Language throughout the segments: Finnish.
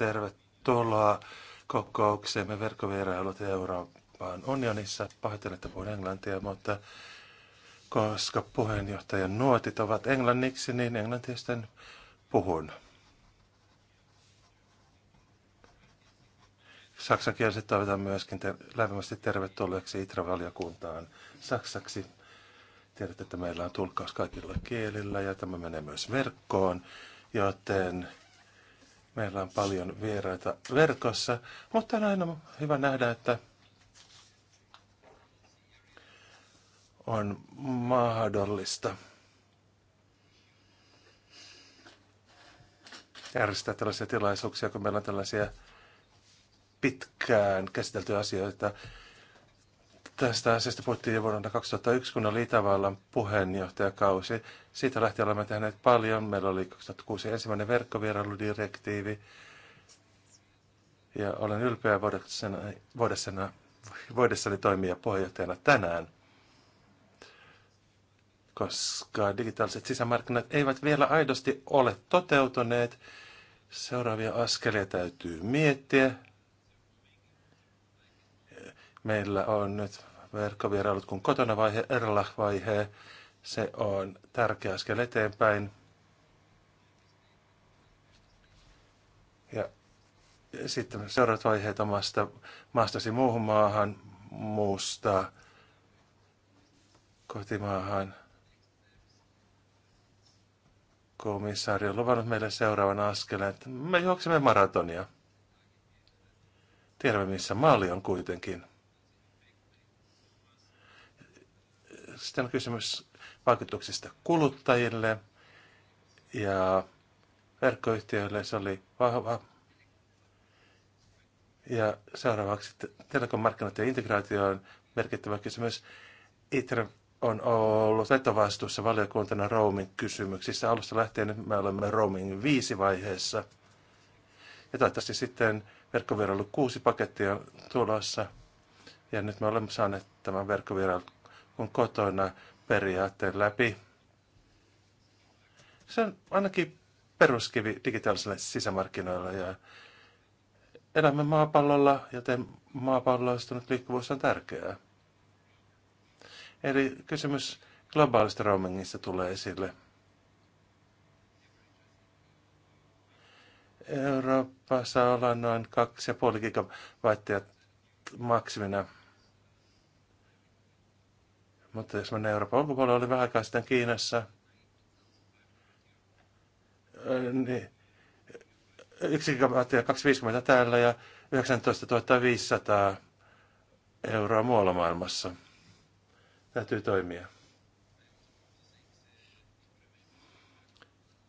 Tervetuloa kokoukseemme verkkovierailut Euroopan unionissa. Pahoittelen, että puhun englantia, mutta koska puheenjohtajan nuotit ovat englanniksi, niin englantia sitten puhun. Saksankieliset toivotan myöskin ter- lämpimästi tervetulleeksi Itravaliokuntaan saksaksi. Tiedätte, että meillä on tulkkaus kaikilla kielillä ja tämä menee myös verkkoon, joten Meillä on paljon vieraita verkossa, mutta on aina hyvä nähdä, että on mahdollista järjestää tällaisia tilaisuuksia, kun meillä on tällaisia pitkään käsiteltyjä asioita. Tästä asiasta puhuttiin jo vuonna 2001, kun oli Itävallan puheenjohtajakausi. Siitä lähtien olemme tehneet paljon. Meillä oli 2006 ensimmäinen verkkovierailudirektiivi. Ja olen ylpeä voidessani, voidessani, toimia puheenjohtajana tänään, koska digitaaliset sisämarkkinat eivät vielä aidosti ole toteutuneet. Seuraavia askelia täytyy miettiä. Meillä on nyt verkkovierailut kuin kotona vaihe, Erlach-vaihe, se on tärkeä askel eteenpäin. Ja sitten seuraavat vaiheet omasta maastasi muuhun maahan, muusta kotimaahan. Komissaari on luvannut meille seuraavan askeleen, että me juoksemme maratonia. Tiedämme, missä maali on kuitenkin. Sitten on kysymys vaikutuksista kuluttajille ja verkkoyhtiöille. Se oli vahva. Ja seuraavaksi telekomarkkinat ja integraatio on merkittävä kysymys. ITRE on ollut vetovastuussa valiokuntana roaming kysymyksissä. Alusta lähtien nyt me olemme roaming viisi vaiheessa. Ja toivottavasti sitten verkkovierailu kuusi pakettia on tulossa. Ja nyt me olemme saaneet tämän verkkovierailun kotona periaatteen läpi. Se on ainakin peruskivi digitaaliselle sisämarkkinoille ja elämme maapallolla, joten maapalloistunut liikkuvuus on tärkeää. Eli kysymys globaalista roamingista tulee esille. saa olla noin 2,5 gigawattia maksimina mutta jos mennään Euroopan ulkopuolelle, oli vähän aikaa sitten Kiinassa, niin yksi gigawattia 250 täällä ja 19 500 euroa muualla maailmassa. Täytyy toimia.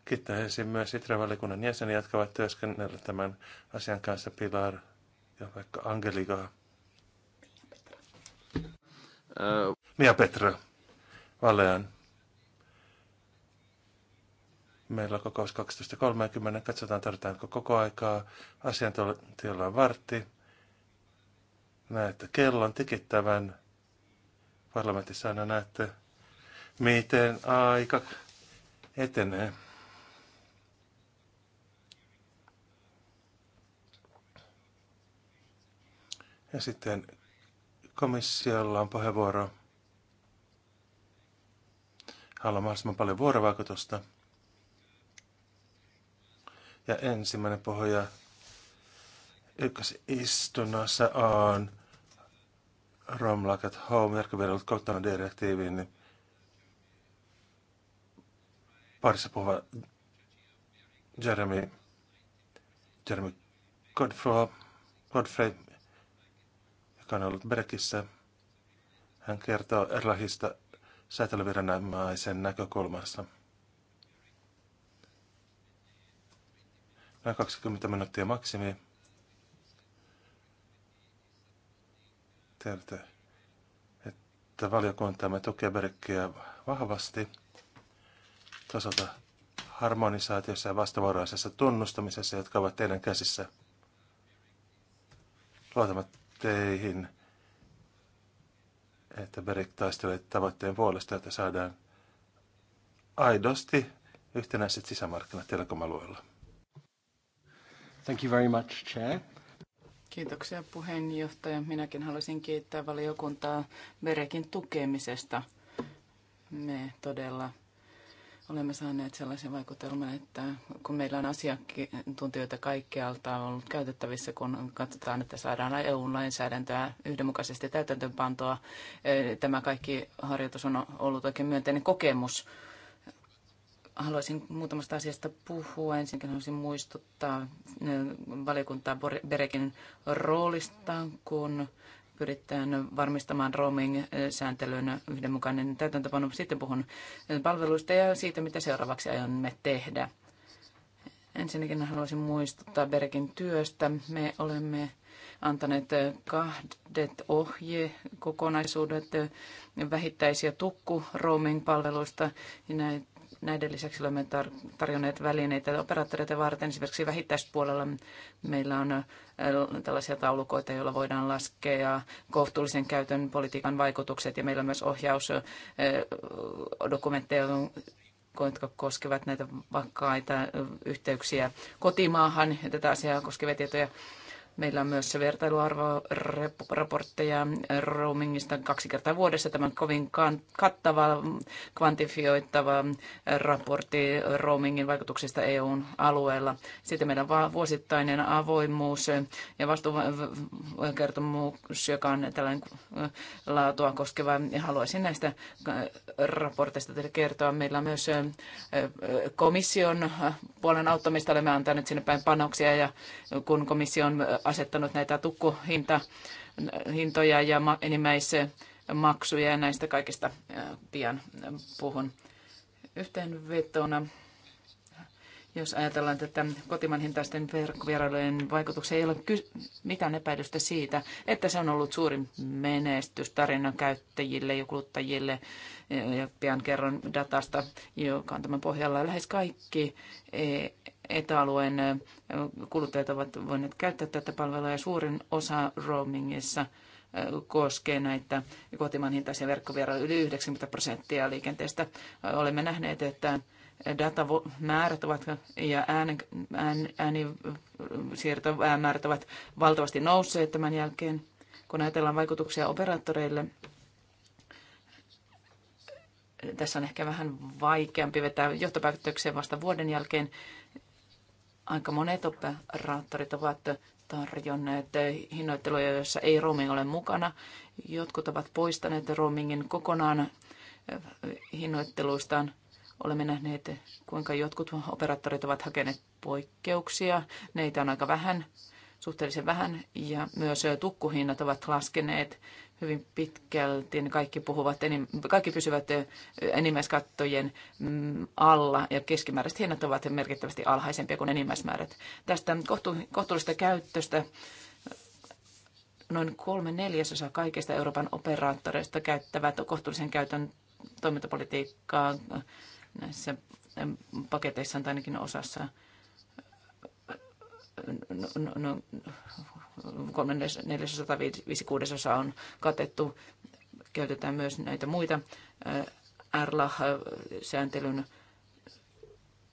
Kiittäisin myös Itre-valikunnan jäseniä, jotka ovat työskennelleet tämän asian kanssa Pilar ja vaikka Angelikaa. Mia Petra, Valean. Meillä on kokous 12.30. Katsotaan, tarvitaanko koko aikaa. Asiantuntijalla on vartti. Näette kellon tikittävän. Parlamentissa aina näette, miten aika etenee. Ja sitten komissiolla on puheenvuoro haluan mahdollisimman paljon vuorovaikutusta. Ja ensimmäinen pohja ykkösistunnassa on Rom Like at Home, järkivedellyt kohtana direktiiviin, niin parissa puhuva Jeremy, Jeremy Godfrey, Godfrey, joka on ollut Brekissä. Hän kertoo erilaisista säätelyviranomaisen näkökulmasta. Noin 20 minuuttia maksimi. Tiedätte, että valiokuntamme tukee Berkkiä vahvasti tasolta harmonisaatiossa ja vastavuoroisessa tunnustamisessa, jotka ovat teidän käsissä. Luotamme teihin että Berek taistelee tavoitteen puolesta, että saadaan aidosti yhtenäiset sisämarkkinat telekomalueella. Thank you very much, Chair. Kiitoksia puheenjohtaja. Minäkin haluaisin kiittää valiokuntaa Berekin tukemisesta. Me todella olemme saaneet sellaisen vaikutelman, että kun meillä on asiantuntijoita kaikkialta ollut käytettävissä, kun katsotaan, että saadaan EU-lainsäädäntöä yhdenmukaisesti täytäntöönpantoa, eh, tämä kaikki harjoitus on ollut oikein myönteinen kokemus. Haluaisin muutamasta asiasta puhua. Ensinnäkin haluaisin muistuttaa eh, valiokuntaa Berekin roolista, kun pyritään varmistamaan roaming-sääntelyn yhdenmukainen täytäntöpano. Sitten puhun palveluista ja siitä, mitä seuraavaksi aiomme tehdä. Ensinnäkin haluaisin muistuttaa Berkin työstä. Me olemme antaneet kahdet ohjekokonaisuudet vähittäisiä tukku roaming-palveluista. Näitä Näiden lisäksi olemme tar- tarjonneet välineitä operaattoreita varten. Esimerkiksi vähittäispuolella meillä on äh, tällaisia taulukoita, joilla voidaan laskea kohtuullisen käytön politiikan vaikutukset ja meillä on myös ohjausdokumentteja, äh, jotka koskevat näitä vakaita äh, yhteyksiä kotimaahan ja tätä asiaa koskevia tietoja Meillä on myös vertailuarvoraportteja roamingista kaksi kertaa vuodessa. Tämä on kovin kattava, kvantifioittava raportti roamingin vaikutuksista EUn alueella. Sitten meillä on vuosittainen avoimuus ja vastuukertomus, joka on tällainen äh, laatua koskeva. Haluaisin näistä äh, raporteista teille kertoa. Meillä on myös äh, komission puolen auttamista. Olemme antaneet sinne päin panoksia ja kun komission asettanut näitä tukkuhintoja ja enimmäismaksuja ja näistä kaikista pian puhun. Yhteenvetona jos ajatellaan tätä kotimaan hintaisten verkkovierailujen vaikutuksia, ei ole ky- mitään epäilystä siitä, että se on ollut suurin menestys tarinan käyttäjille ja kuluttajille. Ja pian kerron datasta, joka on tämän pohjalla. Lähes kaikki e- etäalueen kuluttajat ovat voineet käyttää tätä palvelua ja suurin osa roamingissa e- koskee näitä kotimaan hintaisia verkkovierailuja. Yli 90 prosenttia liikenteestä olemme nähneet, että datamäärät ovat ja äänisiirtomäärät ovat valtavasti nousseet tämän jälkeen, kun ajatellaan vaikutuksia operaattoreille. Tässä on ehkä vähän vaikeampi vetää johtopäätöksiä vasta vuoden jälkeen. Aika monet operaattorit ovat tarjonneet hinnoitteluja, joissa ei roaming ole mukana. Jotkut ovat poistaneet roamingin kokonaan hinnoitteluistaan Olemme nähneet, kuinka jotkut operaattorit ovat hakeneet poikkeuksia. Neitä on aika vähän, suhteellisen vähän, ja myös tukkuhinnat ovat laskeneet hyvin pitkälti. Kaikki, puhuvat, kaikki pysyvät enimmäiskattojen mm, alla, ja keskimääräiset hinnat ovat merkittävästi alhaisempia kuin enimmäismäärät. Tästä kohtu, kohtuullisesta käyttöstä noin kolme neljäsosa kaikista Euroopan operaattoreista käyttävät kohtuullisen käytön toimintapolitiikkaa näissä paketeissa tai ainakin osassa no, no, no kolme neljäsosa tai on katettu. Käytetään myös näitä muita RLAH-sääntelyn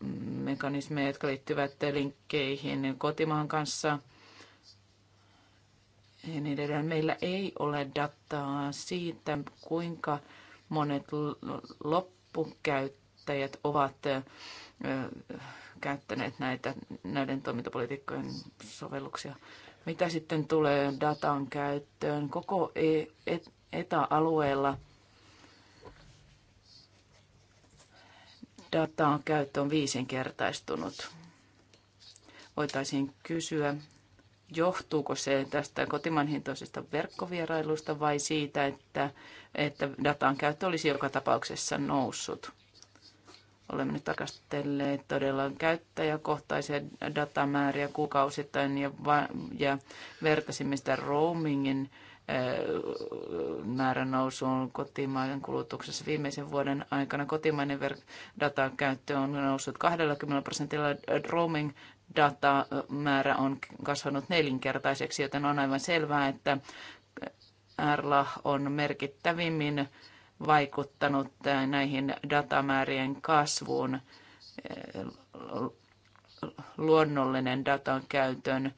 mm, mekanismeja, jotka liittyvät linkkeihin kotimaan kanssa ja niin edelleen. Meillä ei ole dataa siitä, kuinka monet loppukäyttäjät päättäjät ovat käyttäneet näitä, näiden toimintapolitiikkojen sovelluksia. Mitä sitten tulee datan käyttöön? Koko e, etäalueella datan käyttö on viisinkertaistunut. Voitaisiin kysyä, johtuuko se tästä kotimanhintoisesta verkkovierailusta vai siitä, että, että datan käyttö olisi joka tapauksessa noussut? Olemme nyt tarkastelleet todella käyttäjäkohtaisia datamääriä kuukausittain ja, va- ja vertasimme sitä roamingin äh, määrän on kotimaiden kulutuksessa. Viimeisen vuoden aikana kotimainen ver- datan käyttö on noussut 20 prosentilla. Roaming datamäärä on kasvanut nelinkertaiseksi, joten on aivan selvää, että RLA on merkittävimmin vaikuttanut eh, näihin datamäärien kasvuun. Eh, luonnollinen datan käytön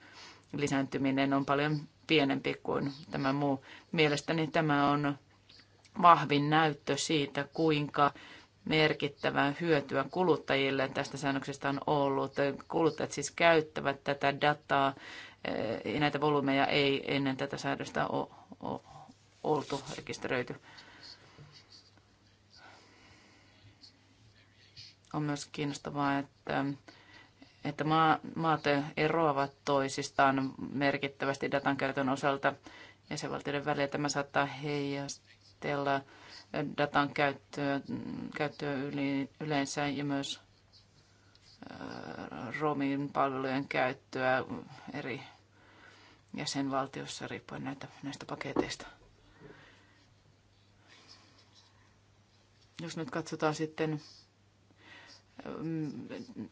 lisääntyminen on paljon pienempi kuin tämä muu. Mielestäni tämä on vahvin näyttö siitä, kuinka merkittävää hyötyä kuluttajille tästä säännöksestä on ollut. Kuluttajat siis käyttävät tätä dataa ja eh, näitä volyymeja ei ennen tätä säädöstä oltu rekisteröity. On myös kiinnostavaa, että, että maat eroavat toisistaan merkittävästi datan käytön osalta jäsenvaltioiden väliä Tämä saattaa heijastella datan käyttöä, käyttöä yleensä ja myös romin palvelujen käyttöä eri jäsenvaltiossa riippuen näitä, näistä paketeista. Jos nyt katsotaan sitten Mm,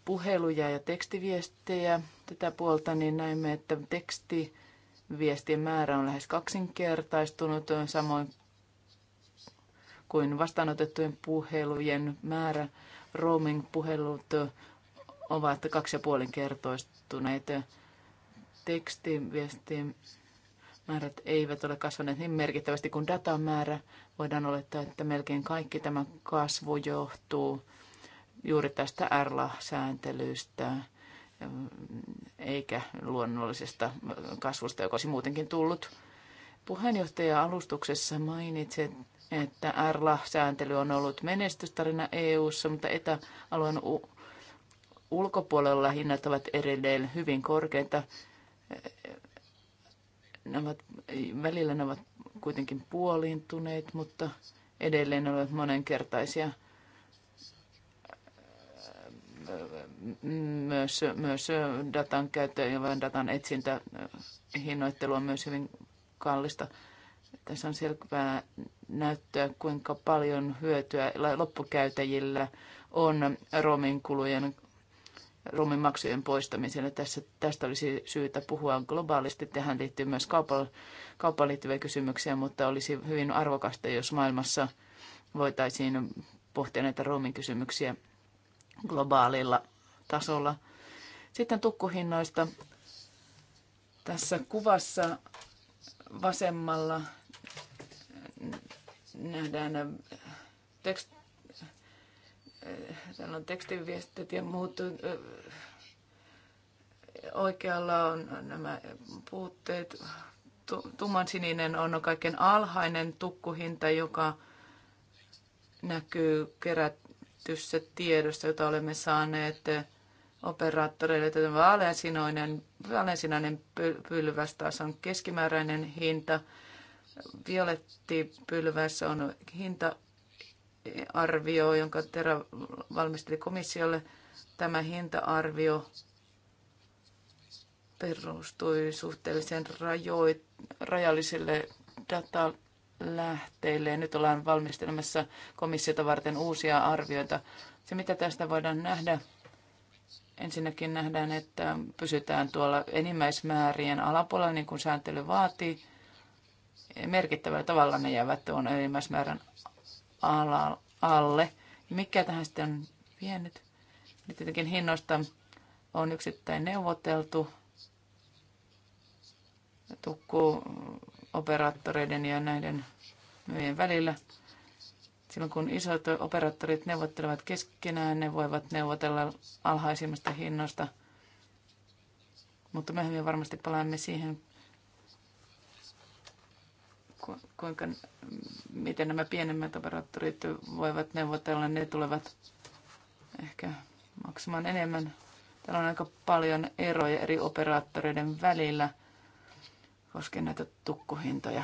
puheluja ja tekstiviestejä tätä puolta, niin näimme, että tekstiviestien määrä on lähes kaksinkertaistunut, samoin kuin vastaanotettujen puhelujen määrä. Roaming-puhelut ovat kaksi ja puolin kertoistuneet. Tekstiviestien määrät eivät ole kasvaneet niin merkittävästi kuin datamäärä. määrä. Voidaan olettaa, että melkein kaikki tämä kasvu johtuu juuri tästä RLA-sääntelystä eikä luonnollisesta kasvusta, joka olisi muutenkin tullut. Puheenjohtaja alustuksessa mainitsi, että RLA-sääntely on ollut menestystarina EU:ssa, mutta etäalueen ulkopuolella hinnat ovat edelleen hyvin korkeita. Ne ovat, välillä ne ovat kuitenkin puoliintuneet, mutta edelleen ne ovat monenkertaisia – myös, myös datan käyttö ja vain datan etsintä hinnoittelu on myös hyvin kallista. Tässä on selvää näyttöä, kuinka paljon hyötyä loppukäytäjillä on roomin kulujen roomin maksujen poistamiselle. Tässä, tästä olisi syytä puhua globaalisti. Tähän liittyy myös kaupan, liittyviä kysymyksiä, mutta olisi hyvin arvokasta, jos maailmassa voitaisiin pohtia näitä roomin kysymyksiä globaalilla tasolla. Sitten tukkuhinnoista. Tässä kuvassa vasemmalla nähdään tekst, täällä on tekstiviestit ja muut. Oikealla on nämä puutteet. Tummansininen on kaiken alhainen tukkuhinta, joka näkyy kerät, käytetyssä tiedosta, jota olemme saaneet operaattoreille. Tämä vaaleansinainen, vaaleansinainen pylväs taas on keskimääräinen hinta. Violetti on hinta arvio, jonka Tera valmisteli komissiolle. Tämä hinta-arvio perustui suhteellisen rajoit, rajallisille datalle lähteille. Nyt ollaan valmistelemassa komissiota varten uusia arvioita. Se, mitä tästä voidaan nähdä, ensinnäkin nähdään, että pysytään tuolla enimmäismäärien alapuolella, niin kuin sääntely vaatii. Merkittävällä tavalla ne jäävät tuon enimmäismäärän alle. Mikä tähän sitten on vienyt? Nyt tietenkin hinnoista on yksittäin neuvoteltu. Tukku operaattoreiden ja näiden myyjien välillä. Silloin kun isot operaattorit neuvottelevat keskenään, ne voivat neuvotella alhaisimmasta hinnasta. Mutta myöhemmin varmasti palaamme siihen, kuinka, miten nämä pienemmät operaattorit voivat neuvotella. Ne tulevat ehkä maksamaan enemmän. Täällä on aika paljon eroja eri operaattoreiden välillä – koske näitä tukkuhintoja.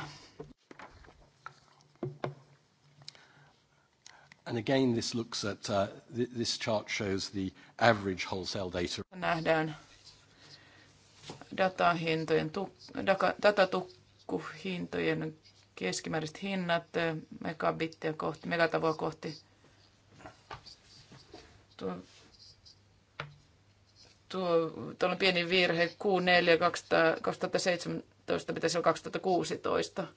And again, this looks at uh, th- this chart shows the average wholesale data. Nähdään datahintojen, data- datatukkuhintojen keskimääräiset hinnat megabittiä kohti, megatavoa kohti. Tuo, tuo, tuolla on pieni virhe, Q4 2007 2015, pitäisi olla 2016.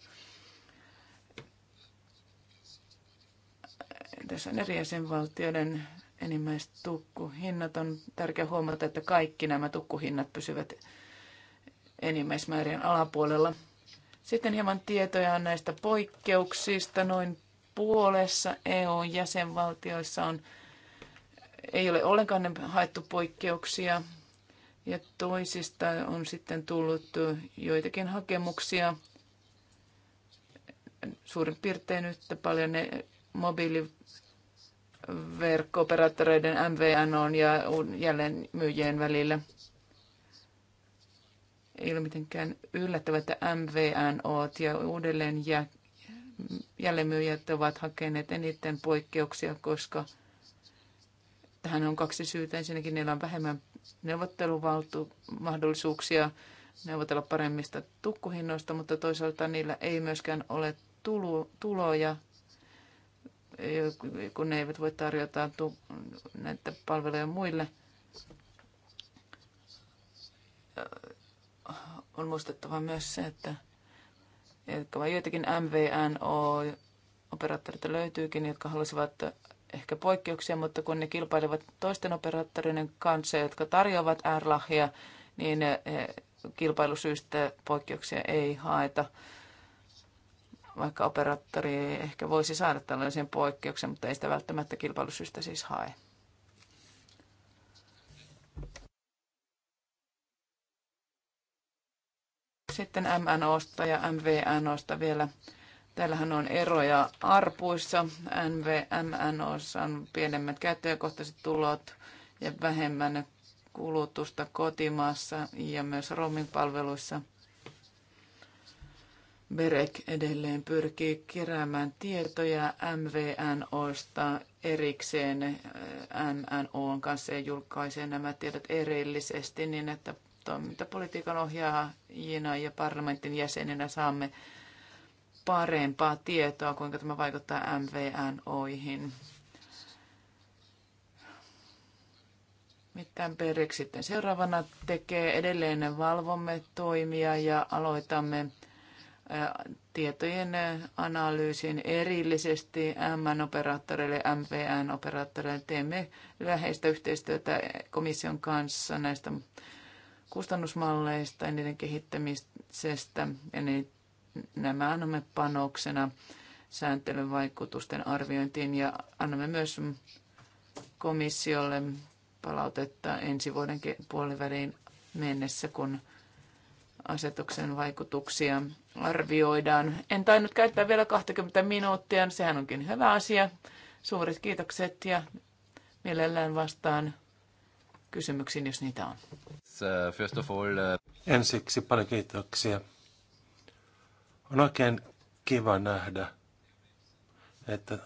Tässä on eri jäsenvaltioiden enimmäistukkuhinnat. On tärkeää huomata, että kaikki nämä tukkuhinnat pysyvät enimmäismäärien alapuolella. Sitten hieman tietoja näistä poikkeuksista. Noin puolessa EU jäsenvaltioissa on, ei ole ollenkaan haettu poikkeuksia ja toisista on sitten tullut joitakin hakemuksia. Suurin piirtein yhtä paljon ne mobiiliverkko verkko-operaattoreiden on ja jälleen myyjien välillä. Ei ole mitenkään yllättävää, että oot ja uudelleen ja jälleenmyyjät ovat hakeneet eniten poikkeuksia, koska tähän on kaksi syytä. Ensinnäkin niillä on vähemmän neuvottelumahdollisuuksia neuvotella paremmista tukkuhinnoista, mutta toisaalta niillä ei myöskään ole tulu, tuloja, kun ne eivät voi tarjota näitä palveluja muille. On muistettava myös se, että joitakin MVNO-operaattoreita löytyykin, jotka haluaisivat ehkä poikkeuksia, mutta kun ne kilpailevat toisten operaattorien kanssa, jotka tarjoavat äärlahja, niin eh, kilpailusyistä poikkeuksia ei haeta, vaikka operaattori ehkä voisi saada tällaisen poikkeuksen, mutta ei sitä välttämättä kilpailusyistä siis hae. Sitten MNOsta ja MVNOsta vielä Täällähän on eroja arpuissa. NVMN on pienemmät käyttäjäkohtaiset tulot ja vähemmän kulutusta kotimaassa ja myös roaming-palveluissa. Berek edelleen pyrkii keräämään tietoja MVNOsta erikseen MNOn kanssa ja julkaisee nämä tiedot erillisesti niin, että toimintapolitiikan ohjaajina ja parlamentin jäseninä saamme parempaa tietoa, kuinka tämä vaikuttaa MVNOihin. Mitään periksi sitten seuraavana tekee. Edelleen valvomme toimia ja aloitamme tietojen analyysin erillisesti MN-operaattoreille, MVN-operaattoreille. Teemme läheistä yhteistyötä komission kanssa näistä kustannusmalleista ja niiden kehittämisestä ja nämä annamme panoksena sääntelyn vaikutusten arviointiin ja annamme myös komissiolle palautetta ensi vuoden puoliväliin mennessä, kun asetuksen vaikutuksia arvioidaan. En tainnut käyttää vielä 20 minuuttia, sehän onkin hyvä asia. Suuret kiitokset ja mielellään vastaan kysymyksiin, jos niitä on. Uh, first of all, uh, Ensiksi paljon kiitoksia on oikein kiva nähdä, että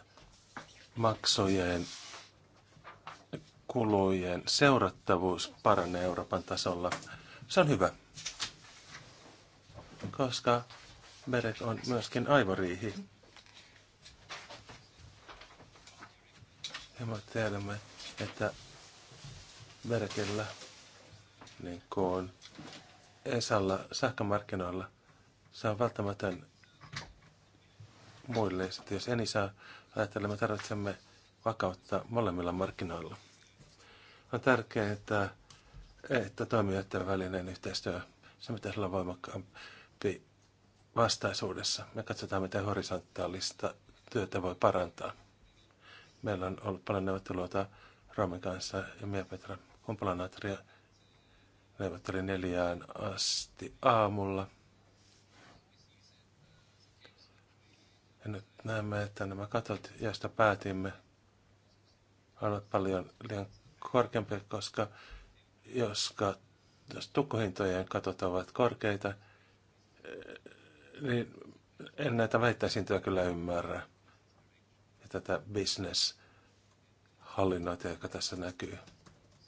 maksojen kulujen seurattavuus paranee Euroopan tasolla. Se on hyvä, koska Berek on myöskin aivoriihi. Ja me tiedämme, että Berekillä, niin kuin Esalla sähkömarkkinoilla – se on välttämätön muille. Sitten jos eni saa ajatella, me tarvitsemme vakautta molemmilla markkinoilla. On tärkeää, että, että toimijoiden välinen yhteistyö, se pitäisi olla voimakkaampi vastaisuudessa. Me katsotaan, miten horisontaalista työtä voi parantaa. Meillä on ollut paljon neuvotteluita Roomin kanssa ja Mia Petra Kumpulanatria neuvotteli neljään asti aamulla – näemme, että nämä katot, joista päätimme, ovat paljon liian korkeampia, koska jos, kat, jos katot ovat korkeita, niin en näitä väittäisintöjä kyllä ymmärrä. Ja tätä bisneshallinnointia, joka tässä näkyy.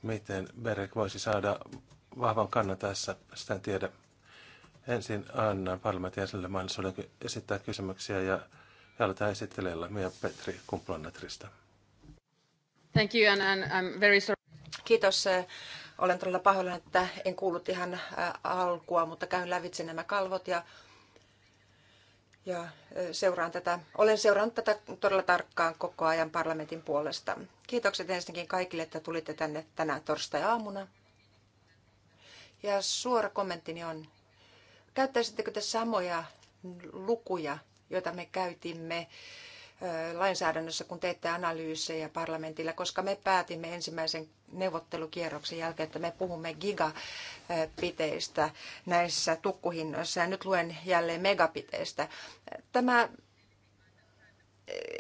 Miten Berek voisi saada vahvan kannan tässä, sitä en tiedä. Ensin annan parlamentin jäsenille mahdollisuuden esittää kysymyksiä ja ja aletaan esittelijällä Mia Petri Kumplanatrista. Thank you and, and I'm very sorry. Kiitos. Eh, olen todella pahoillani, että en kuullut ihan eh, alkua, mutta käyn lävitse nämä kalvot ja, ja eh, seuraan tätä. Olen seurannut tätä todella tarkkaan koko ajan parlamentin puolesta. Kiitokset ensinnäkin kaikille, että tulitte tänne tänään torstai-aamuna. Ja suora kommenttini on, käyttäisittekö te samoja lukuja jota me käytimme lainsäädännössä, kun teette analyysejä parlamentilla, koska me päätimme ensimmäisen neuvottelukierroksen jälkeen, että me puhumme gigapiteistä näissä tukkuhinnoissa, ja nyt luen jälleen megapiteistä. Tämä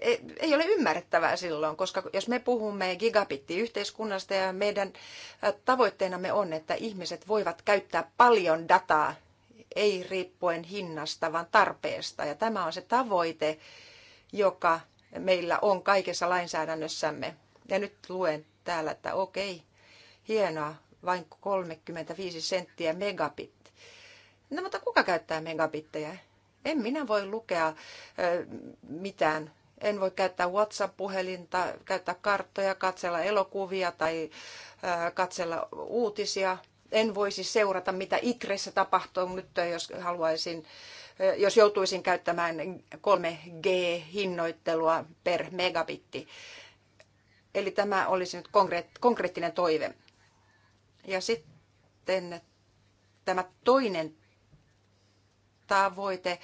e, ei ole ymmärrettävää silloin, koska jos me puhumme gigabittiyhteiskunnasta ja meidän tavoitteenamme on, että ihmiset voivat käyttää paljon dataa ei riippuen hinnasta, vaan tarpeesta. Ja tämä on se tavoite, joka meillä on kaikessa lainsäädännössämme. Ja nyt luen täällä, että okei, hienoa, vain 35 senttiä megabit. No mutta kuka käyttää megabittejä? En minä voi lukea ö, mitään. En voi käyttää WhatsApp-puhelinta, käyttää karttoja, katsella elokuvia tai ö, katsella uutisia – en voisi seurata, mitä ikressä tapahtuu nyt, jos haluaisin eh, jos joutuisin käyttämään 3G-hinnoittelua per megabitti. Eli tämä olisi nyt konkreettinen toive. Ja sitten tämä toinen tavoite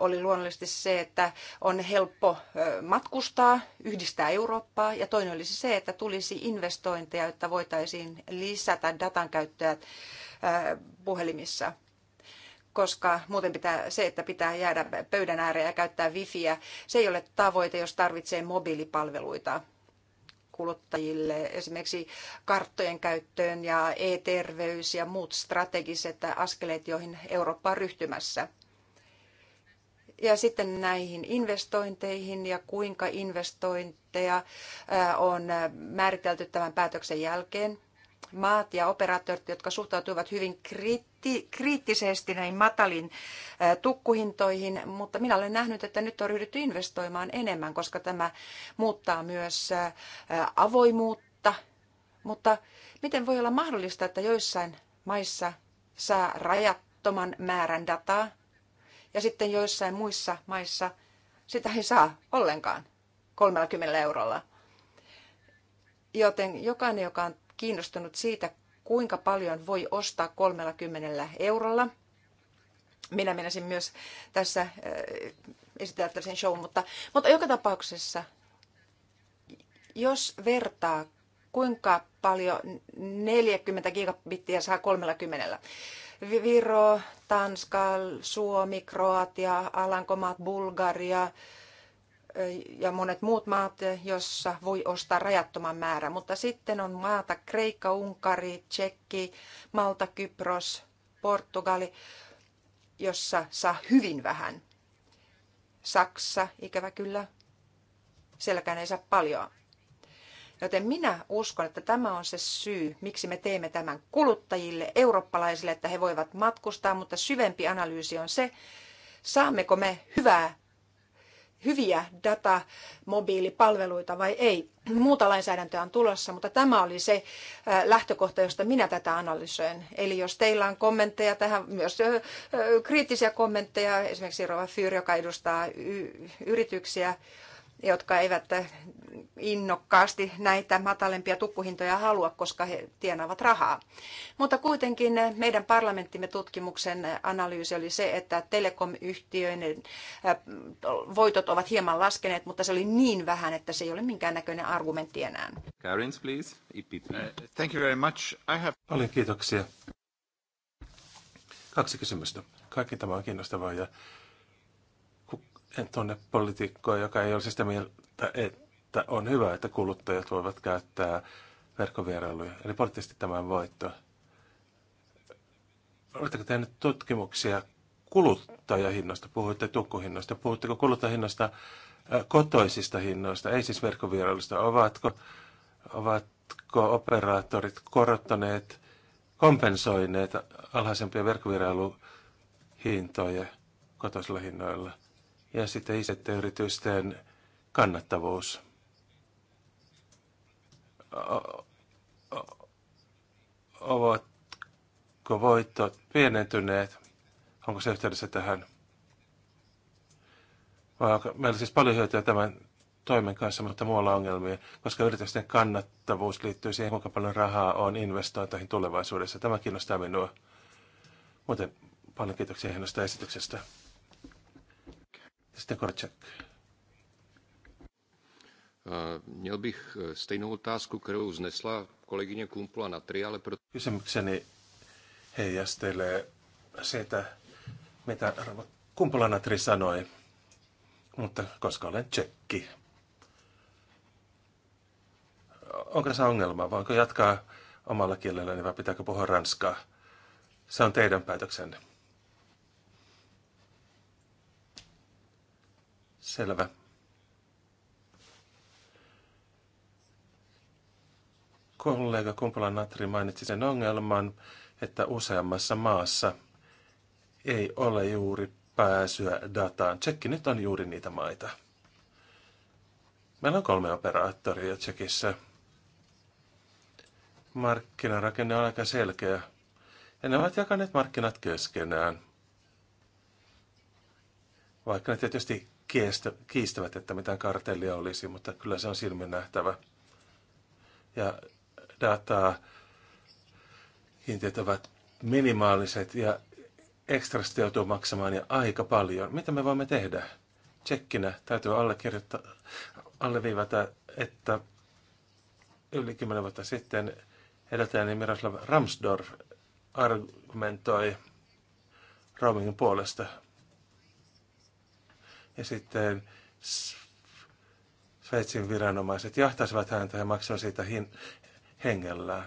oli luonnollisesti se, että on helppo matkustaa, yhdistää Eurooppaa ja toinen olisi se, että tulisi investointeja, jotta voitaisiin lisätä datan käyttöä puhelimissa koska muuten pitää, se, että pitää jäädä pöydän ääreen ja käyttää wifiä, se ei ole tavoite, jos tarvitsee mobiilipalveluita kuluttajille, esimerkiksi karttojen käyttöön ja e-terveys ja muut strategiset askeleet, joihin Eurooppa on ryhtymässä ja sitten näihin investointeihin ja kuinka investointeja on määritelty tämän päätöksen jälkeen. Maat ja operaattorit, jotka suhtautuivat hyvin kriitti, kriittisesti näihin matalin tukkuhintoihin, mutta minä olen nähnyt, että nyt on ryhdytty investoimaan enemmän, koska tämä muuttaa myös avoimuutta. Mutta miten voi olla mahdollista, että joissain maissa saa rajattoman määrän dataa, ja sitten joissain muissa maissa sitä ei saa ollenkaan 30 eurolla. Joten jokainen, joka on kiinnostunut siitä, kuinka paljon voi ostaa 30 eurolla, minä menisin myös tässä äh, esitellä tällaisen show, mutta, mutta joka tapauksessa, jos vertaa kuinka paljon 40 gigabittiä saa 30. Viro, Tanska, Suomi, Kroatia, Alankomaat, Bulgaria ja monet muut maat, jossa voi ostaa rajattoman määrän. Mutta sitten on maata Kreikka, Unkari, Tsekki, Malta, Kypros, Portugali, jossa saa hyvin vähän. Saksa, ikävä kyllä, sielläkään ei saa paljon. Joten minä uskon, että tämä on se syy, miksi me teemme tämän kuluttajille, eurooppalaisille, että he voivat matkustaa, mutta syvempi analyysi on se, saammeko me hyvää, hyviä datamobiilipalveluita vai ei. Muuta lainsäädäntöä on tulossa, mutta tämä oli se lähtökohta, josta minä tätä analysoin. Eli jos teillä on kommentteja tähän, myös kriittisiä kommentteja, esimerkiksi Rova Fyr, joka edustaa yrityksiä, jotka eivät innokkaasti näitä matalempia tukkuhintoja halua, koska he tienaavat rahaa. Mutta kuitenkin meidän parlamenttimme tutkimuksen analyysi oli se, että telekomyhtiöiden äh, voitot ovat hieman laskeneet, mutta se oli niin vähän, että se ei ole minkäännäköinen argumentti enää. Karins, please. Uh, thank you very much. I have... Paljon kiitoksia. Kaksi kysymystä. Kaikki tämä on kiinnostavaa ja en tunne politiikkoa, joka ei olisi sitä mieltä, että on hyvä, että kuluttajat voivat käyttää verkkovierailuja. Eli poliittisesti tämän voitto. Oletteko tehneet tutkimuksia kuluttajahinnoista? Puhuitte tukkuhinnoista. Puhutteko kuluttajahinnoista kotoisista hinnoista, ei siis verkkovierailusta? Ovatko, ovatko operaattorit korottaneet, kompensoineet alhaisempia verkkovierailuhintoja kotoisilla hinnoilla? ja sitten ICT-yritysten kannattavuus. Ovatko voittot pienentyneet? Onko se yhteydessä tähän? Meillä on siis paljon hyötyä tämän toimen kanssa, mutta muualla ongelmia, koska yritysten kannattavuus liittyy siihen, kuinka paljon rahaa on investointeihin tulevaisuudessa. Tämä kiinnostaa minua. Muuten paljon kiitoksia hienosta esityksestä. Jste Korčak. Eh, měl bych eh, stejnou otázku, kterou znesla kolegyně Kumpula na tri, ale proto... Kysymykseni heijastelee sitä, mitä Kumpula na tri sanoi, mutta koska olen tsekki, onko se ongelma? Voinko jatkaa omalla kielelläni vai pitääkö puhua ranskaa? Se on teidän päätöksenne. Selvä. Kollega Kumpula Natri mainitsi sen ongelman, että useammassa maassa ei ole juuri pääsyä dataan. Tsekki nyt on juuri niitä maita. Meillä on kolme operaattoria Tsekissä. Markkinarakenne on aika selkeä. Ja ne ovat jakaneet markkinat keskenään. Vaikka ne tietysti kiestä, kiistävät, että mitään kartellia olisi, mutta kyllä se on silmin nähtävä. Ja dataa kiintiöt ovat minimaaliset ja ekstrasta joutuu maksamaan ja aika paljon. Mitä me voimme tehdä? Tsekkinä täytyy allekirjoittaa, alleviivata, että yli 10 vuotta sitten edeltäjäni Miroslav Ramsdorf argumentoi roamingin puolesta ja sitten Sveitsin viranomaiset jahtaisivat häntä ja maksoivat siitä hin- hengellään.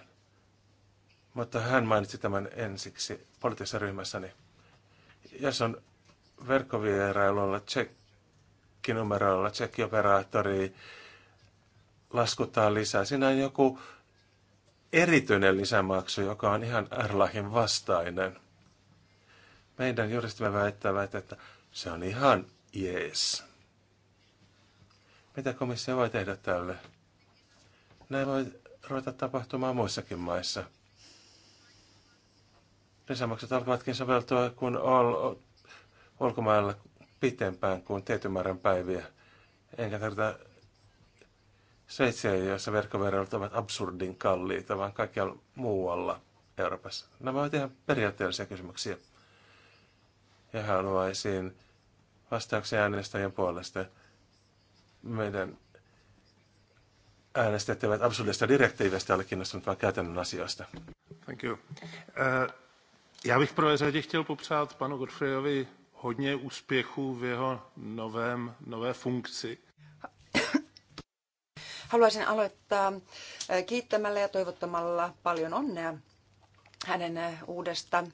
Mutta hän mainitsi tämän ensiksi poliittisessa ryhmässäni. Jos on verkkovierailulla, tsekkinumeroilla, tsekkioperaattori laskuttaa lisää. Siinä on joku erityinen lisämaksu, joka on ihan Erlahin vastainen. Meidän juristimme väittävät, että se on ihan jees. Mitä komissio voi tehdä tälle? Näin voi ruveta tapahtumaan muissakin maissa. Lisämaksut alkavatkin soveltua, kun ol, ulkomailla pitempään kuin tietyn määrän päiviä. Enkä tarvita Sveitsiä, joissa verkkoverot ovat absurdin kalliita, vaan kaikkialla muualla Euroopassa. Nämä ovat ihan periaatteellisia kysymyksiä. Ja haluaisin vastauksia äänestäjien puolesta. Meidän äänestäjät eivät absoluutista direktiivistä ole kiinnostuneet, vaan käytännön asioista. Thank you. Uh, já bych prvé řadě chtěl popřát panu Godfreyovi hodně úspěchů v jeho novém, nové funkci. Haluaisin aloittaa eh, kiittämällä ja toivottamalla paljon onnea hänen eh, uudesta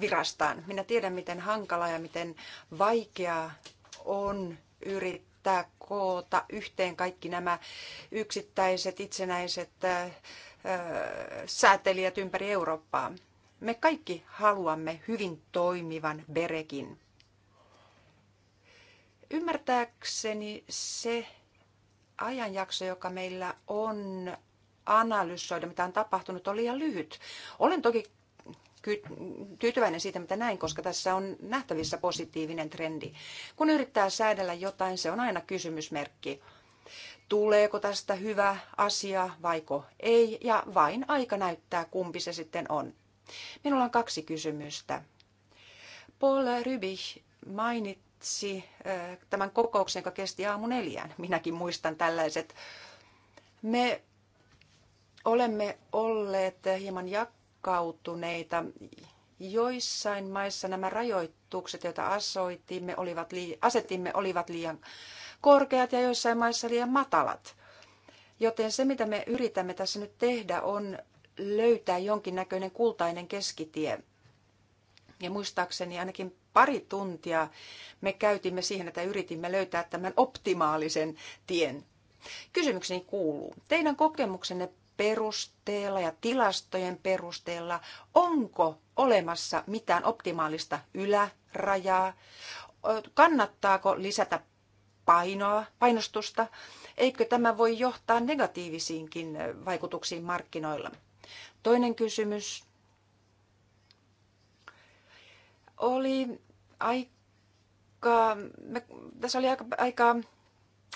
virastaan. Minä tiedän, miten hankala ja miten vaikeaa on yrittää koota yhteen kaikki nämä yksittäiset itsenäiset äh, äh, säätelijät ympäri Eurooppaa. Me kaikki haluamme hyvin toimivan berekin. Ymmärtääkseni se ajanjakso, joka meillä on analysoida, mitä on tapahtunut, on liian lyhyt. Olen toki tyytyväinen siitä, mitä näin, koska tässä on nähtävissä positiivinen trendi. Kun yrittää säädellä jotain, se on aina kysymysmerkki. Tuleeko tästä hyvä asia vaiko ei, ja vain aika näyttää, kumpi se sitten on. Minulla on kaksi kysymystä. Paul Rybich mainitsi tämän kokouksen, joka kesti aamu neljään. Minäkin muistan tällaiset. Me olemme olleet hieman jak- ruuhkautuneita. Joissain maissa nämä rajoitukset, joita asoitimme, olivat lii- asetimme, olivat liian korkeat ja joissain maissa liian matalat. Joten se, mitä me yritämme tässä nyt tehdä, on löytää jonkinnäköinen kultainen keskitie. Ja muistaakseni ainakin pari tuntia me käytimme siihen, että yritimme löytää tämän optimaalisen tien. Kysymykseni kuuluu, teidän kokemuksenne perusteella ja tilastojen perusteella, onko olemassa mitään optimaalista ylärajaa, kannattaako lisätä painoa, painostusta, eikö tämä voi johtaa negatiivisiinkin vaikutuksiin markkinoilla. Toinen kysymys oli aika, me, tässä oli aika, aika,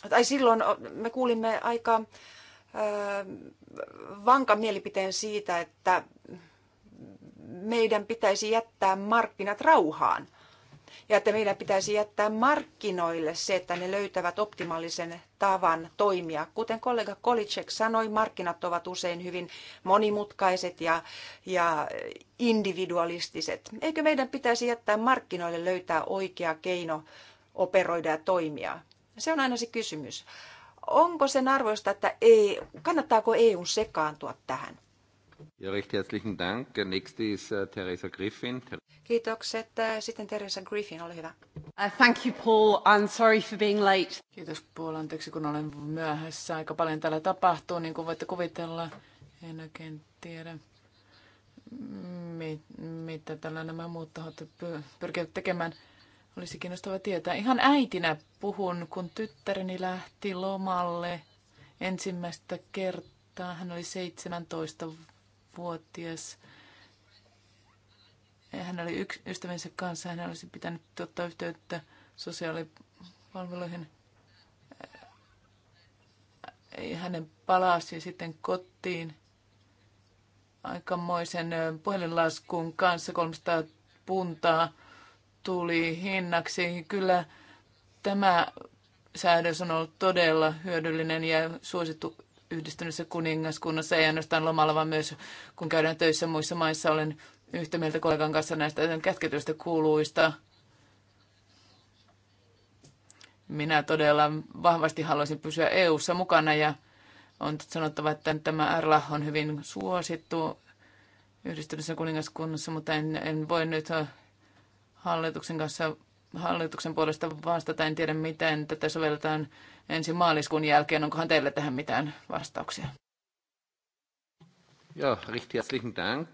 tai silloin me kuulimme aika vankan mielipiteen siitä, että meidän pitäisi jättää markkinat rauhaan ja että meidän pitäisi jättää markkinoille se, että ne löytävät optimaalisen tavan toimia. Kuten kollega Kolicek sanoi, markkinat ovat usein hyvin monimutkaiset ja, ja individualistiset. Eikö meidän pitäisi jättää markkinoille löytää oikea keino operoida ja toimia? Se on aina se kysymys onko sen arvoista, että ei, kannattaako EU sekaantua tähän? Ja recht herzlichen Dank. Nächste ist äh, Teresa Griffin. Kiitokset. Äh, sitten Teresa Griffin, ole hyvä. Uh, thank you Paul. I'm sorry for being late. Kiitos Paul. Anteeksi kun olen myöhässä. Aika paljon täällä tapahtuu, niin kuin voitte kuvitella. En oikein tiedä mit, mitä tällä nämä muut tahot pyrkivät tekemään. Olisi kiinnostava tietää. Ihan äitinä puhun, kun tyttäreni lähti lomalle ensimmäistä kertaa. Hän oli 17-vuotias. Hän oli yksi ystävänsä kanssa. Hän olisi pitänyt ottaa yhteyttä sosiaalipalveluihin. Hänen palasi sitten kotiin aikamoisen puhelinlaskun kanssa 300 puntaa tuli hinnaksi. Kyllä tämä säädös on ollut todella hyödyllinen ja suosittu yhdistyneessä kuningaskunnassa, ei ainoastaan lomalla, vaan myös kun käydään töissä muissa maissa. Olen yhtä mieltä kollegan kanssa näistä kätketyistä kuuluista. Minä todella vahvasti haluaisin pysyä EU-ssa mukana ja on sanottava, että tämä RLA on hyvin suosittu yhdistyneessä kuningaskunnassa, mutta en, en voi nyt hallituksen kanssa hallituksen puolesta vastata. En tiedä, miten tätä sovelletaan ensi maaliskuun jälkeen. Onkohan teille tähän mitään vastauksia? Joo, herzlichen Dank.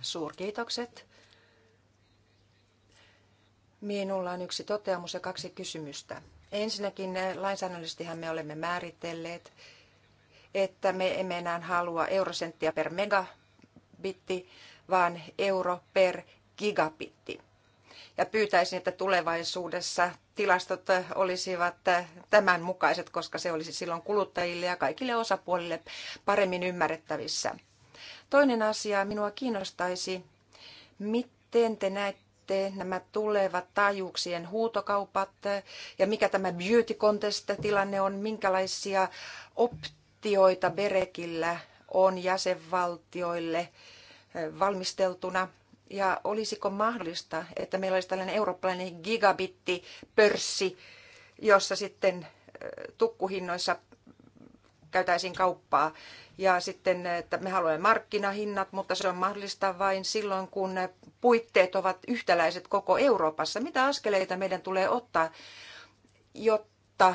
Suurkiitokset. Minulla on yksi toteamus ja kaksi kysymystä. Ensinnäkin eh, lainsäädännöllisestihän me olemme määritelleet, että me emme enää halua eurosenttiä per megabitti, vaan euro per gigabitti ja pyytäisin, että tulevaisuudessa tilastot olisivat tämän mukaiset, koska se olisi silloin kuluttajille ja kaikille osapuolille paremmin ymmärrettävissä. Toinen asia minua kiinnostaisi, miten te näette nämä tulevat taajuuksien huutokaupat ja mikä tämä beauty contest tilanne on, minkälaisia optioita Berekillä on jäsenvaltioille valmisteltuna – ja olisiko mahdollista, että meillä olisi tällainen eurooppalainen gigabittipörssi, jossa sitten tukkuhinnoissa käytäisiin kauppaa. Ja sitten, että me haluamme markkinahinnat, mutta se on mahdollista vain silloin, kun puitteet ovat yhtäläiset koko Euroopassa. Mitä askeleita meidän tulee ottaa, jotta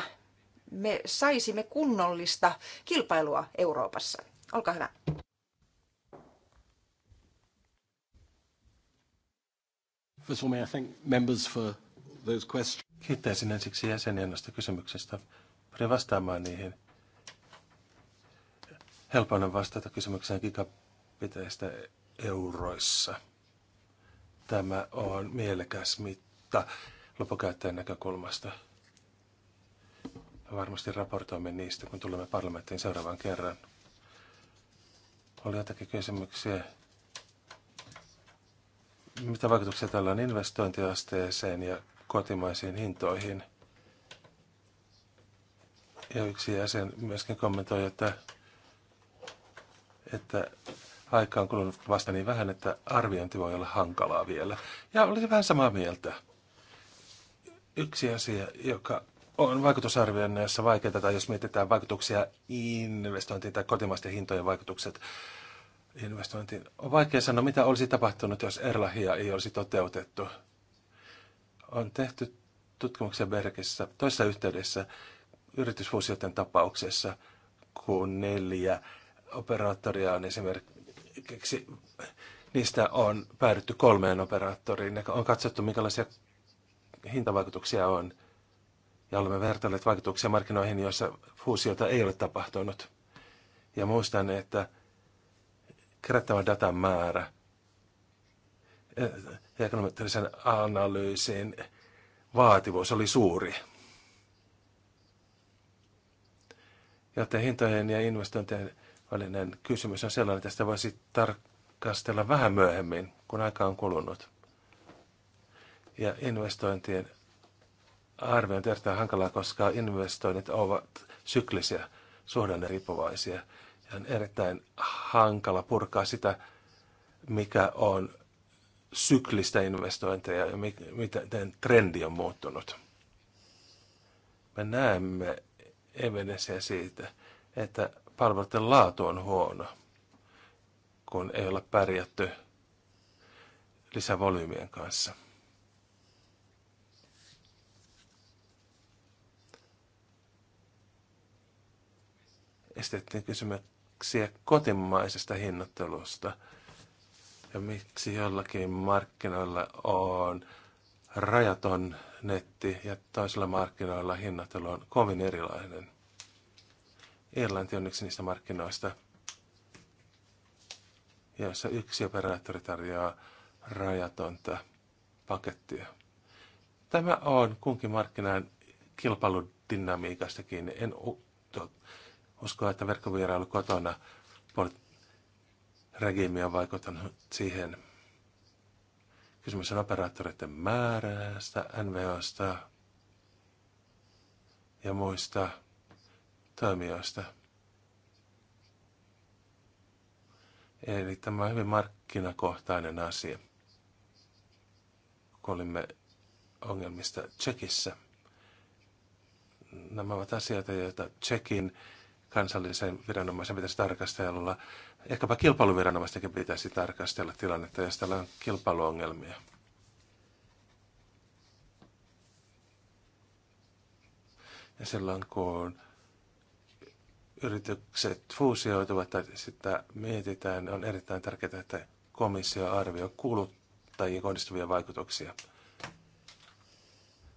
me saisimme kunnollista kilpailua Euroopassa? Olkaa hyvä. First of all, I thank members for those questions. Kiittäisin ensiksi jäseniä näistä kysymyksistä. Pyrin vastaamaan niihin. Helpoin on vastata kysymykseen gigabiteistä euroissa. Tämä on mielekäs mitta lopukäyttäjän näkökulmasta. Varmasti raportoimme niistä, kun tulemme parlamenttiin seuraavan kerran. Oli jotakin kysymyksiä mitä vaikutuksia tällä on investointiasteeseen ja kotimaisiin hintoihin. Ja yksi jäsen myöskin kommentoi, että, että aika on kulunut vasta niin vähän, että arviointi voi olla hankalaa vielä. Ja olisin vähän samaa mieltä. Yksi asia, joka on vaikutusarvioinnissa vaikeaa, tai jos mietitään vaikutuksia investointiin tai kotimaisten hintojen vaikutukset investointiin. On vaikea sanoa, mitä olisi tapahtunut, jos Erlahia ei olisi toteutettu. On tehty tutkimuksia Bergissä toisessa yhteydessä yritysfuusioiden tapauksessa, kun neljä operaattoria on esimerkiksi, niistä on päädytty kolmeen operaattoriin ja on katsottu, minkälaisia hintavaikutuksia on. Ja olemme vertailleet vaikutuksia markkinoihin, joissa fuusiota ei ole tapahtunut. Ja muistan, että kerättävä datan määrä eh, ekonometrisen analyysin vaativuus oli suuri. Joten hintojen ja investointien välinen kysymys on sellainen, että sitä voisi tarkastella vähän myöhemmin, kun aika on kulunut. Ja investointien arvio on erittäin hankalaa, koska investoinnit ovat syklisiä, riippuvaisia on erittäin hankala purkaa sitä, mikä on syklistä investointeja ja miten trendi on muuttunut. Me näemme evidenssiä siitä, että palveluiden laatu on huono, kun ei ole pärjätty lisävolyymien kanssa. Estettiin kysymys, miksi kotimaisesta hinnoittelusta ja miksi jollakin markkinoilla on rajaton netti ja toisilla markkinoilla hinnoittelu on kovin erilainen. Irlanti on yksi niistä markkinoista, joissa yksi operaattori tarjoaa rajatonta pakettia. Tämä on kunkin markkinan kilpailudynamiikasta kiinni. En uskoa, että verkkovierailu kotona regiimi on vaikuttanut siihen. Kysymys on operaattoreiden määrästä, NVOsta ja muista toimijoista. Eli tämä on hyvin markkinakohtainen asia. Kun olimme ongelmista Tsekissä, nämä ovat asioita, joita Tsekin kansallisen viranomaisen pitäisi tarkastella. Ehkäpä kilpailuviranomaistenkin pitäisi tarkastella tilannetta, jos täällä on kilpailuongelmia. Ja silloin kun yritykset fuusioituvat tai sitä mietitään, on erittäin tärkeää, että komissio arvioi kuluttajien kohdistuvia vaikutuksia.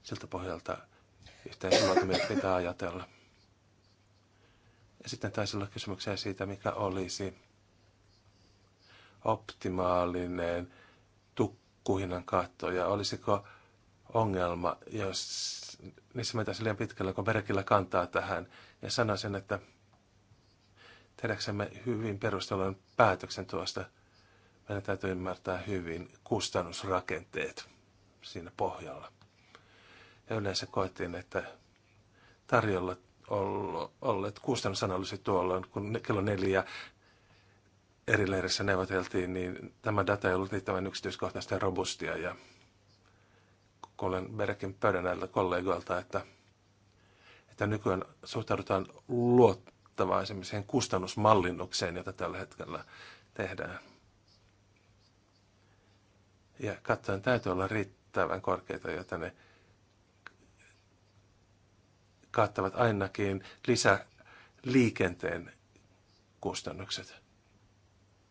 Siltä pohjalta yhteensä pitää ajatella. Ja sitten taisi olla kysymyksiä siitä, mikä olisi optimaalinen tukkuhinnan katto ja olisiko ongelma, jos niissä mentäisiin liian pitkällä kun Berekillä kantaa tähän. Ja sanoisin, että tehdäksemme hyvin perustelun päätöksen tuosta, meidän täytyy ymmärtää hyvin kustannusrakenteet siinä pohjalla. Ja yleensä koettiin, että tarjolla olleet kustannusanalyysit tuolloin, kun kello neljä eri leirissä neuvoteltiin, niin tämä data ei ollut riittävän yksityiskohtaista ja robustia. Ja kuulen Berekin pöydän näiltä kollegoilta, että, että nykyään suhtaudutaan luottavaisemmin siihen kustannusmallinnukseen, jota tällä hetkellä tehdään. Ja katsoen täytyy olla riittävän korkeita, jotta ne kattavat ainakin lisäliikenteen kustannukset.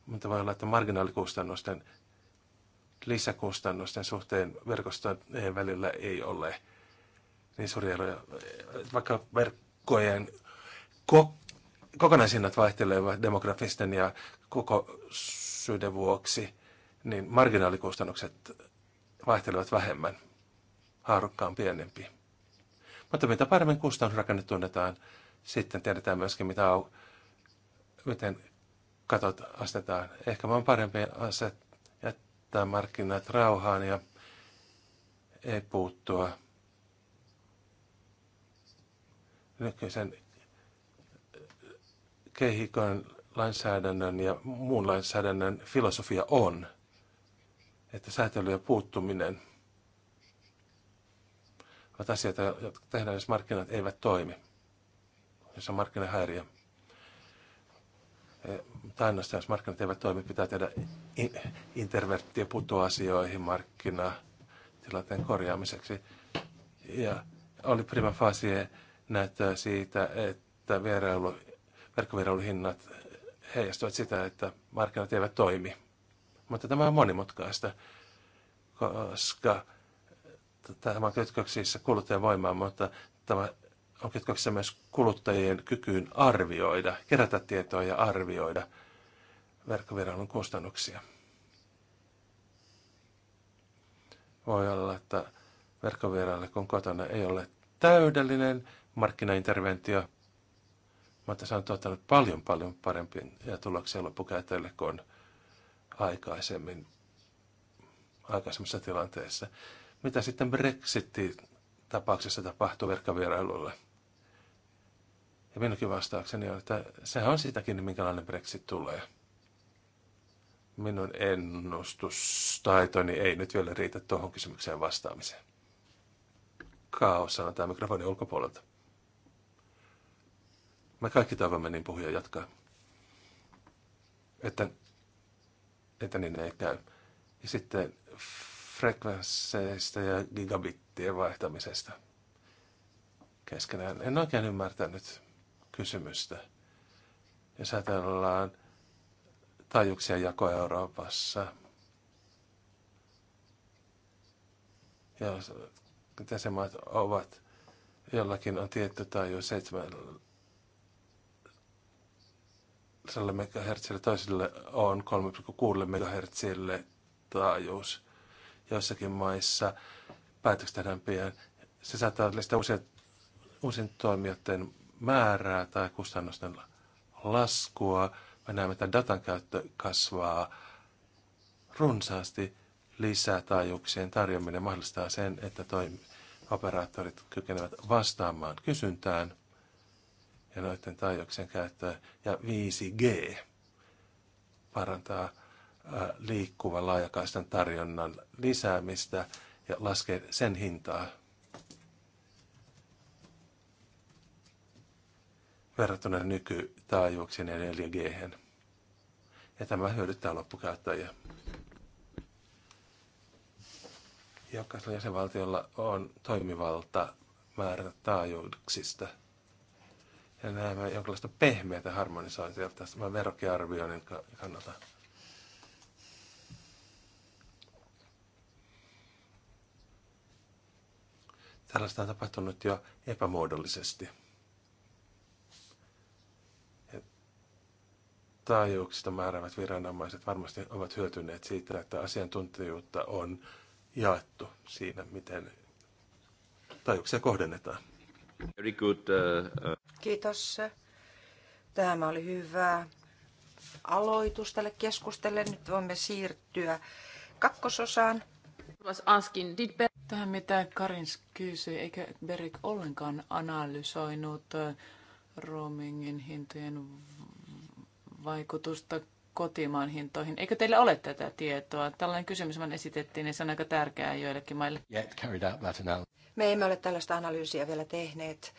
Mutta voi olla, että marginaalikustannusten lisäkustannusten suhteen verkostojen välillä ei ole niin suuria eroja. Vaikka verkkojen ko- kokonaisinnat vaihtelevat demografisten ja koko syyden vuoksi, niin marginaalikustannukset vaihtelevat vähemmän. Haarukka on pienempi. Mutta mitä paremmin kustannusrakenne tunnetaan, sitten tiedetään myöskin, mitä au, miten katot astetaan. Ehkä on parempi aset, jättää markkinat rauhaan ja ei puuttua nykyisen kehikon lainsäädännön ja muun lainsäädännön filosofia on, että säätely ja puuttuminen ovat asioita, jotka tehdään, jos markkinat eivät toimi, jos on markkinahäiriö. Eh, tai jos markkinat eivät toimi, pitää tehdä interverttiä putoasioihin markkinatilanteen korjaamiseksi. Ja oli prima facie näyttöä siitä, että vierailu, verkkovierailuhinnat heijastuvat sitä, että markkinat eivät toimi. Mutta tämä on monimutkaista, koska tämä on kytköksissä kuluttajan voimaa, mutta tämä on kytköksissä myös kuluttajien kykyyn arvioida, kerätä tietoa ja arvioida verkkoviranon kustannuksia. Voi olla, että verkkovierailu, kun kotona ei ole täydellinen markkinainterventio, mutta se on tuottanut paljon paljon parempia tuloksia loppukäytölle kuin aikaisemmin aikaisemmissa tilanteissa. Mitä sitten brexit tapauksessa tapahtuu verkkavierailulle? Ja minunkin vastaukseni on, että sehän on sitäkin, niin minkälainen Brexit tulee. Minun ennustustaitoni ei nyt vielä riitä tuohon kysymykseen vastaamiseen. Kaos tämä mikrofoni ulkopuolelta. Me kaikki toivomme niin puhuja jatkaa. Että, että niin ei käy. Ja sitten frekvensseistä ja gigabittien vaihtamisesta keskenään. En oikein ymmärtänyt kysymystä. Jos ajatellaan taajuuksien jako Euroopassa, ja jäsenmaat ovat, jollakin on tietty taajuus 7 megahertsille, toisille on 3,6 megahertsille taajuus joissakin maissa päätökset tehdään pian. Se saattaa olla uusien, uusien toimijoiden määrää tai kustannusten laskua. Me näemme, että datan käyttö kasvaa runsaasti taajuuksien tarjoaminen mahdollistaa sen, että toimi, operaattorit kykenevät vastaamaan kysyntään ja noiden taajuuksien käyttöä. Ja 5G parantaa liikkuvan laajakaistan tarjonnan lisäämistä ja laskee sen hintaa. verrattuna nykytaajuuksiin ja 4G. Ja tämä hyödyttää loppukäyttäjiä. Jokaisella jäsenvaltiolla on toimivalta määrätä taajuuksista. Ja näemme jonkinlaista pehmeää harmonisointia tästä verokiarvioinnin kannalta. Tällaista on tapahtunut jo epämuodollisesti. Ja taajuuksista määräävät viranomaiset varmasti ovat hyötyneet siitä, että asiantuntijuutta on jaettu siinä, miten taajuuksia kohdennetaan. Very good, uh, uh. Kiitos. Tämä oli hyvä aloitus tälle keskustelulle. Nyt voimme siirtyä kakkososaan. Was asking, did Tähän mitä Karins kysyi, eikä Berik ollenkaan analysoinut äh, roamingin hintojen vaikutusta kotimaan hintoihin. Eikö teillä ole tätä tietoa? Tällainen kysymys vaan esitettiin niin se on aika tärkeää joillekin maille. Me emme ole tällaista analyysiä vielä tehneet.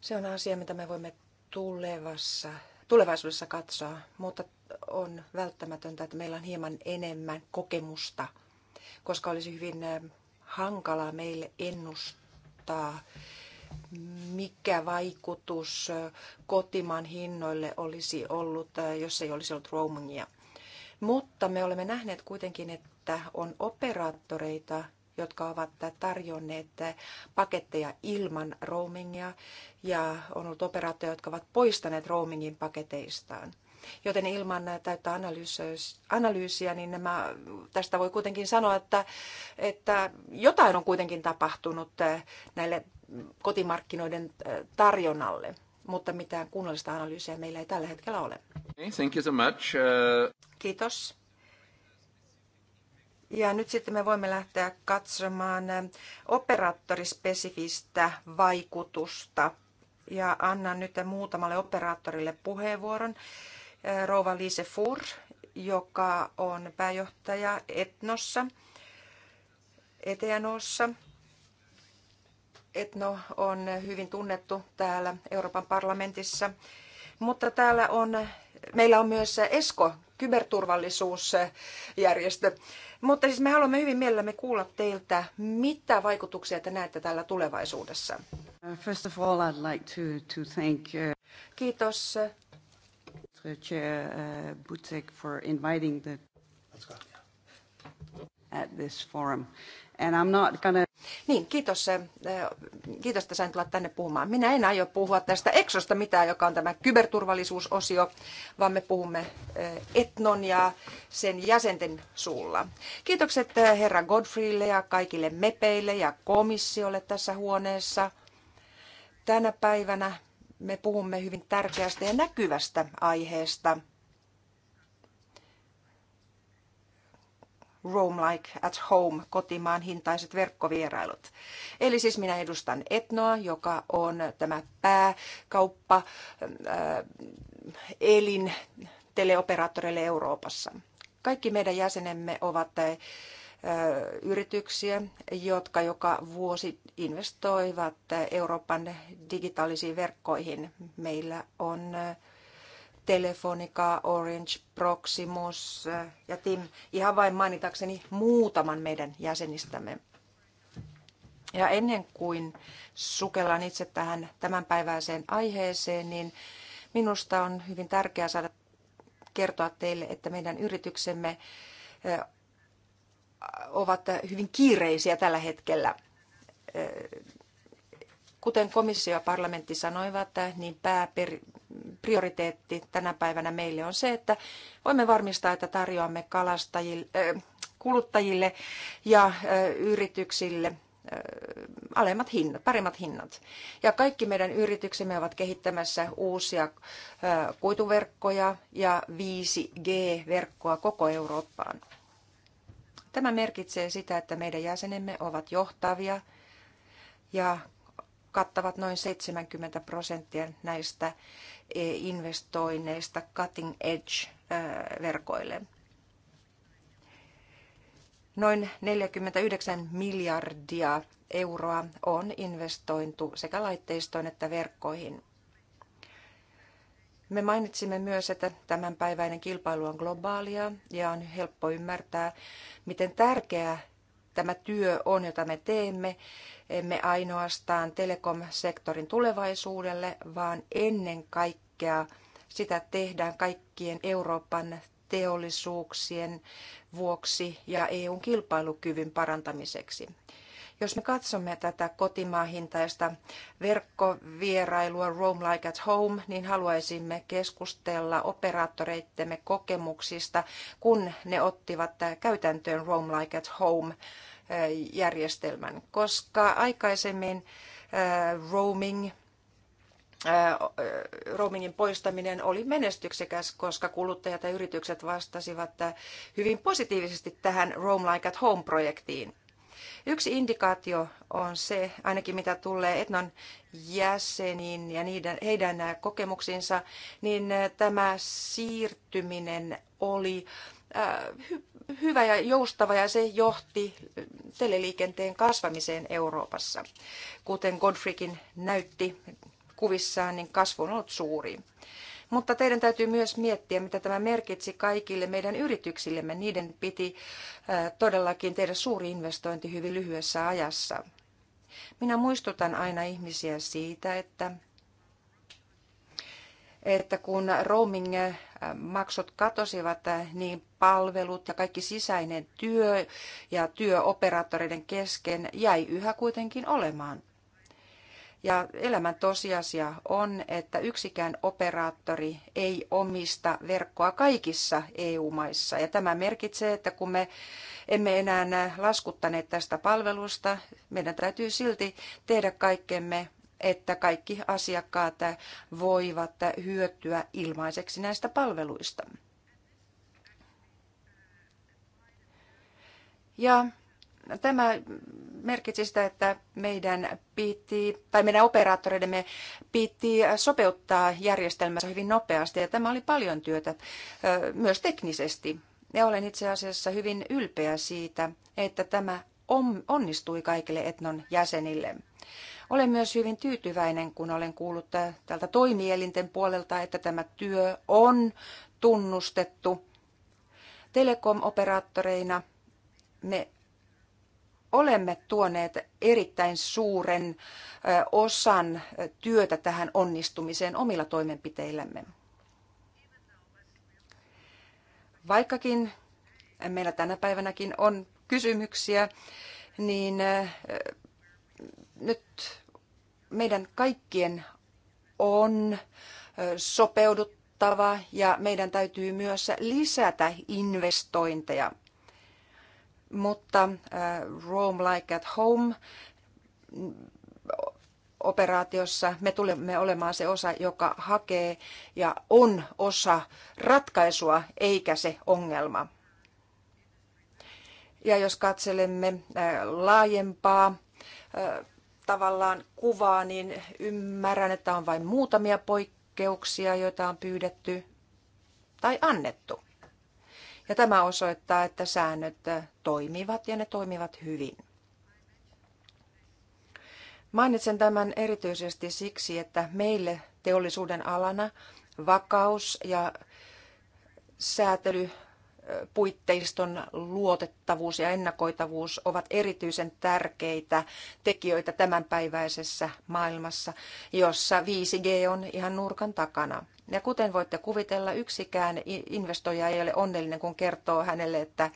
Se on asia, mitä me voimme tulevassa, tulevaisuudessa katsoa, mutta on välttämätöntä, että meillä on hieman enemmän kokemusta – koska olisi hyvin hankalaa meille ennustaa, mikä vaikutus kotimaan hinnoille olisi ollut, jos ei olisi ollut roamingia. Mutta me olemme nähneet kuitenkin, että on operaattoreita, jotka ovat tarjonneet paketteja ilman roamingia ja on ollut operaattoreita, jotka ovat poistaneet roamingin paketeistaan. Joten ilman täyttä analyysiä, niin nämä, tästä voi kuitenkin sanoa, että, että jotain on kuitenkin tapahtunut eh, näille kotimarkkinoiden eh, tarjonnalle, mutta mitään kunnollista analyysiä meillä ei tällä hetkellä ole. Thank you so much. Uh... Kiitos. Ja nyt sitten me voimme lähteä katsomaan operaattorispesifistä vaikutusta. Ja annan nyt muutamalle operaattorille puheenvuoron rouva Lise Fur, joka on pääjohtaja Etnossa, Eteanossa. Etno on hyvin tunnettu täällä Euroopan parlamentissa, mutta täällä on, meillä on myös ESKO, kyberturvallisuusjärjestö. Mutta siis me haluamme hyvin mielellämme kuulla teiltä, mitä vaikutuksia te näette tällä tulevaisuudessa. First of all, I'd like to, to thank uh, Kiitos to uh, Chair uh, Butek for inviting the at this forum. And I'm not gonna... Niin, kiitos. Äh, kiitos, että sain tulla tänne puhumaan. Minä en aio puhua tästä eksosta mitään, joka on tämä kyberturvallisuusosio, vaan me puhumme äh, etnon ja sen jäsenten suulla. Kiitokset äh, herra Godfreylle ja kaikille mepeille ja komissiolle tässä huoneessa. Tänä päivänä me puhumme hyvin tärkeästä ja näkyvästä aiheesta. room Like at Home, kotimaan hintaiset verkkovierailut. Eli siis minä edustan Etnoa, joka on tämä pääkauppa äh, elin teleoperaattoreille Euroopassa. Kaikki meidän jäsenemme ovat yrityksiä, jotka joka vuosi investoivat Euroopan digitaalisiin verkkoihin. Meillä on Telefonica, Orange, Proximus ja Tim, ihan vain mainitakseni muutaman meidän jäsenistämme. Ja ennen kuin sukellaan itse tähän tämänpäiväiseen aiheeseen, niin minusta on hyvin tärkeää saada kertoa teille, että meidän yrityksemme ovat hyvin kiireisiä tällä hetkellä. Kuten komissio ja parlamentti sanoivat, niin pääprioriteetti tänä päivänä meille on se, että voimme varmistaa, että tarjoamme kalastajille, kuluttajille ja yrityksille alemmat hinnat, paremmat hinnat. Ja kaikki meidän yrityksemme ovat kehittämässä uusia kuituverkkoja ja 5G-verkkoa koko Eurooppaan. Tämä merkitsee sitä, että meidän jäsenemme ovat johtavia ja kattavat noin 70 prosenttia näistä e, investoinneista cutting edge-verkoille. Noin 49 miljardia euroa on investointu sekä laitteistoon että verkkoihin. Me mainitsimme myös, että tämänpäiväinen kilpailu on globaalia ja on helppo ymmärtää, miten tärkeää tämä työ on, jota me teemme, emme ainoastaan telekom-sektorin tulevaisuudelle, vaan ennen kaikkea sitä tehdään kaikkien Euroopan teollisuuksien vuoksi ja EUn kilpailukyvyn parantamiseksi. Jos me katsomme tätä kotimaahintaista verkkovierailua Roam Like at Home, niin haluaisimme keskustella operaattoreittemme kokemuksista, kun ne ottivat käytäntöön Roam Like at Home eh, järjestelmän, koska aikaisemmin eh, roaming eh, roamingin poistaminen oli menestyksekäs, koska kuluttajat ja yritykset vastasivat hyvin positiivisesti tähän Roam Like at Home-projektiin. Yksi indikaatio on se, ainakin mitä tulee Etnon jäseniin ja niiden, heidän kokemuksiinsa, niin tämä siirtyminen oli äh, hy- hyvä ja joustava ja se johti teleliikenteen kasvamiseen Euroopassa. Kuten Godfreykin näytti kuvissaan, niin kasvu on ollut suuri. Mutta teidän täytyy myös miettiä, mitä tämä merkitsi kaikille meidän yrityksillemme. Niiden piti todellakin tehdä suuri investointi hyvin lyhyessä ajassa. Minä muistutan aina ihmisiä siitä, että että kun roaming-maksut katosivat, niin palvelut ja kaikki sisäinen työ ja työoperaattoreiden kesken jäi yhä kuitenkin olemaan. Ja elämän tosiasia on, että yksikään operaattori ei omista verkkoa kaikissa EU-maissa. Ja tämä merkitsee, että kun me emme enää laskuttaneet tästä palvelusta, meidän täytyy silti tehdä kaikkemme, että kaikki asiakkaat voivat hyötyä ilmaiseksi näistä palveluista. Ja tämä merkitsi sitä, että meidän piti, tai meidän operaattoreidemme piti sopeuttaa järjestelmänsä hyvin nopeasti, ja tämä oli paljon työtä myös teknisesti. Ja olen itse asiassa hyvin ylpeä siitä, että tämä onnistui kaikille Etnon jäsenille. Olen myös hyvin tyytyväinen, kun olen kuullut tältä toimielinten puolelta, että tämä työ on tunnustettu telekom-operaattoreina. Me olemme tuoneet erittäin suuren osan työtä tähän onnistumiseen omilla toimenpiteillämme. Vaikkakin meillä tänä päivänäkin on kysymyksiä, niin nyt meidän kaikkien on sopeuduttava ja meidän täytyy myös lisätä investointeja – mutta äh, Roam Like at Home operaatiossa me tulemme olemaan se osa, joka hakee ja on osa ratkaisua eikä se ongelma. Ja jos katselemme äh, laajempaa äh, tavallaan kuvaa, niin ymmärrän, että on vain muutamia poikkeuksia, joita on pyydetty tai annettu. Ja tämä osoittaa, että säännöt äh, toimivat ja ne toimivat hyvin. Mainitsen tämän erityisesti siksi, että meille teollisuuden alana vakaus ja säätely puitteiston luotettavuus ja ennakoitavuus ovat erityisen tärkeitä tekijöitä tämänpäiväisessä maailmassa, jossa 5G on ihan nurkan takana. Ja kuten voitte kuvitella, yksikään investoija ei ole onnellinen, kun kertoo hänelle, että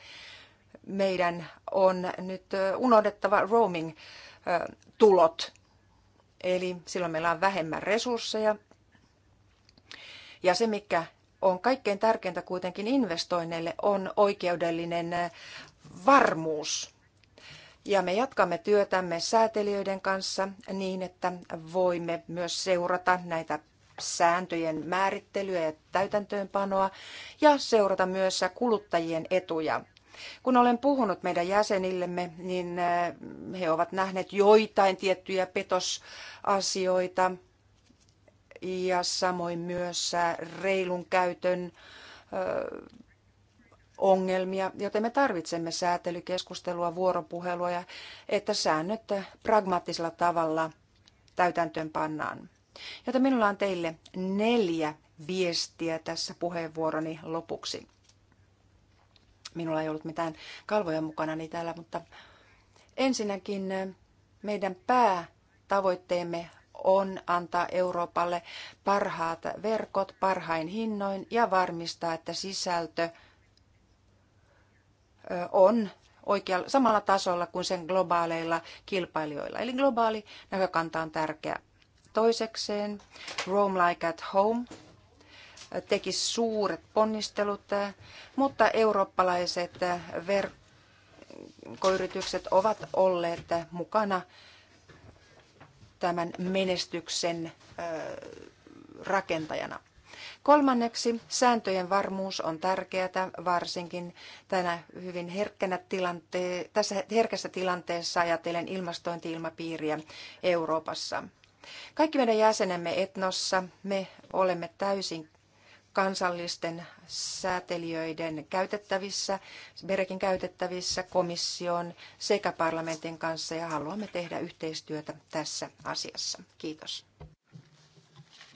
meidän on nyt unohdettava roaming-tulot. Eli silloin meillä on vähemmän resursseja. Ja se, mikä on kaikkein tärkeintä kuitenkin investoinneille on oikeudellinen eh, varmuus. Ja me jatkamme työtämme säätelijöiden kanssa niin, että voimme myös seurata näitä sääntöjen määrittelyä ja täytäntöönpanoa ja seurata myös kuluttajien etuja. Kun olen puhunut meidän jäsenillemme, niin eh, he ovat nähneet joitain tiettyjä petosasioita, ja samoin myös äh, reilun käytön ongelmia, joten me tarvitsemme säätelykeskustelua, vuoropuhelua ja että säännöt pragmaattisella tavalla täytäntöön pannaan. Joten minulla on teille neljä viestiä tässä puheenvuoroni lopuksi. Minulla ei ollut mitään kalvoja mukana täällä, mutta ensinnäkin meidän päätavoitteemme on antaa Euroopalle parhaat verkot parhain hinnoin ja varmistaa, että sisältö on oikealla, samalla tasolla kuin sen globaaleilla kilpailijoilla. Eli globaali näkökanta on tärkeä. Toisekseen Roam Like at Home teki suuret ponnistelut, mutta eurooppalaiset verkkoyritykset ovat olleet mukana tämän menestyksen rakentajana. Kolmanneksi, sääntöjen varmuus on tärkeää varsinkin tänä hyvin herkkänä tilante- tässä herkässä tilanteessa ajatellen ilmastointiilmapiiriä Euroopassa. Kaikki meidän jäsenemme Etnossa, me olemme täysin kansallisten säätelijöiden käytettävissä, Berekin käytettävissä, komission sekä parlamentin kanssa ja haluamme tehdä yhteistyötä tässä asiassa. Kiitos.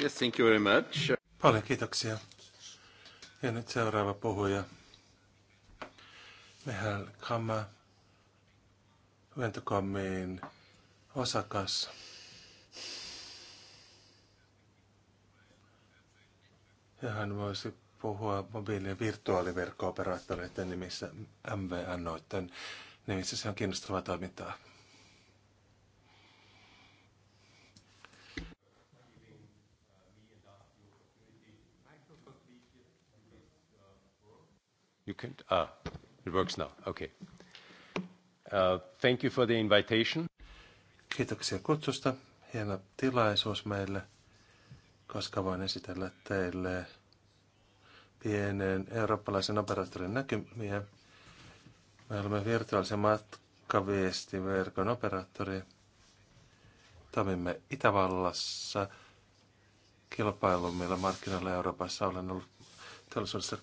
Yes, thank you very much. Paljon kiitoksia. Ja nyt seuraava puhuja. Mehal Kama, Ventokommin osakas. Ja hän voisi puhua mobiili- ja virtuaaliverkko-operaattoreiden nimissä, MVNOiden nimissä. Se on kiinnostavaa toimintaa. You can, ah, it works now, okay. Uh, thank you for the invitation. Kiitoksia kutsusta. Hieno tilaisuus meille, koska voin esitellä teille pienen eurooppalaisen operaattorin näkymiä. Me olemme virtuaalisen matkaviestiverkon operaattori. Toimimme Itävallassa kilpailumilla markkinoilla Euroopassa. Olen ollut teollisuudessa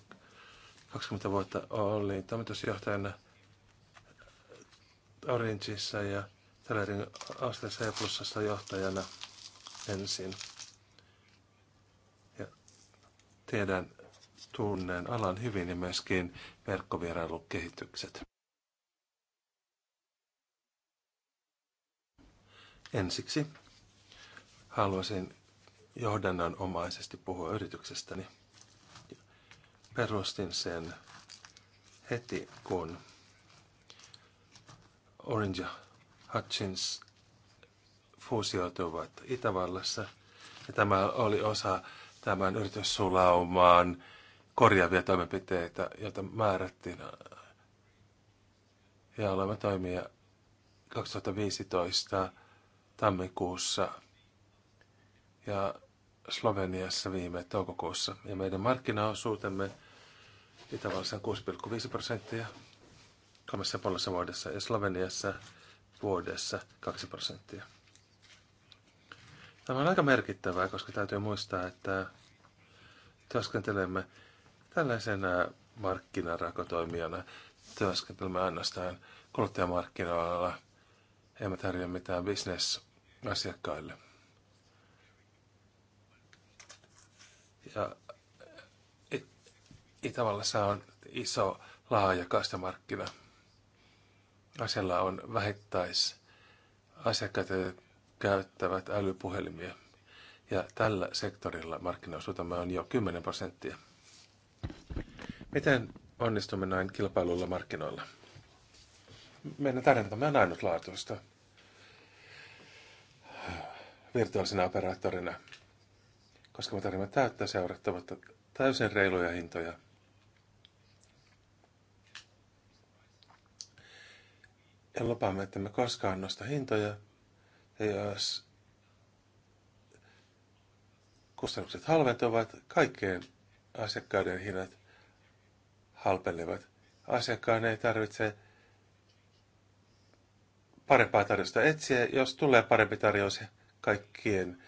20 vuotta olin toimitusjohtajana Orangeissa ja Telerin Austriassa ja Plussassa johtajana ensin. Ja tiedän tunnen alan hyvin ja myöskin verkkovierailukehitykset. Ensiksi haluaisin johdannanomaisesti puhua yrityksestäni. Perustin sen heti, kun Orange ja Hutchins fuusioituivat Itävallassa. Ja tämä oli osa tämän yrityssulaumaan korjaavia toimenpiteitä, joita määrättiin. Ja olemme toimia 2015 tammikuussa ja Sloveniassa viime toukokuussa. Ja meidän markkinaosuutemme Itävallassa 6,5 prosenttia, kolmessa puolessa vuodessa ja Sloveniassa vuodessa 2 prosenttia. Tämä on aika merkittävää, koska täytyy muistaa, että työskentelemme tällaisena markkinarakotoimijana työskentelemme ainoastaan kuluttajamarkkinoilla. Emme tarjoa mitään bisnesasiakkaille. Ja Itävallassa on iso, laaja kastamarkkina. Asialla on vähittäis asiakkaat käyttävät älypuhelimia. Ja tällä sektorilla markkinaosuutemme on jo 10 prosenttia. Miten onnistumme näin kilpailulla markkinoilla? Meidän tarjontamme on ainutlaatuista virtuaalisena operaattorina, koska me tarjoamme täyttä seurattavuutta, täysin reiluja hintoja. Ja lupaamme, että me koskaan nosta hintoja. Ja jos kustannukset halventuvat, kaikkeen asiakkaiden hinnat halpelevat. Asiakkaan ei tarvitse parempaa tarjosta. etsiä. Jos tulee parempi tarjous, kaikkien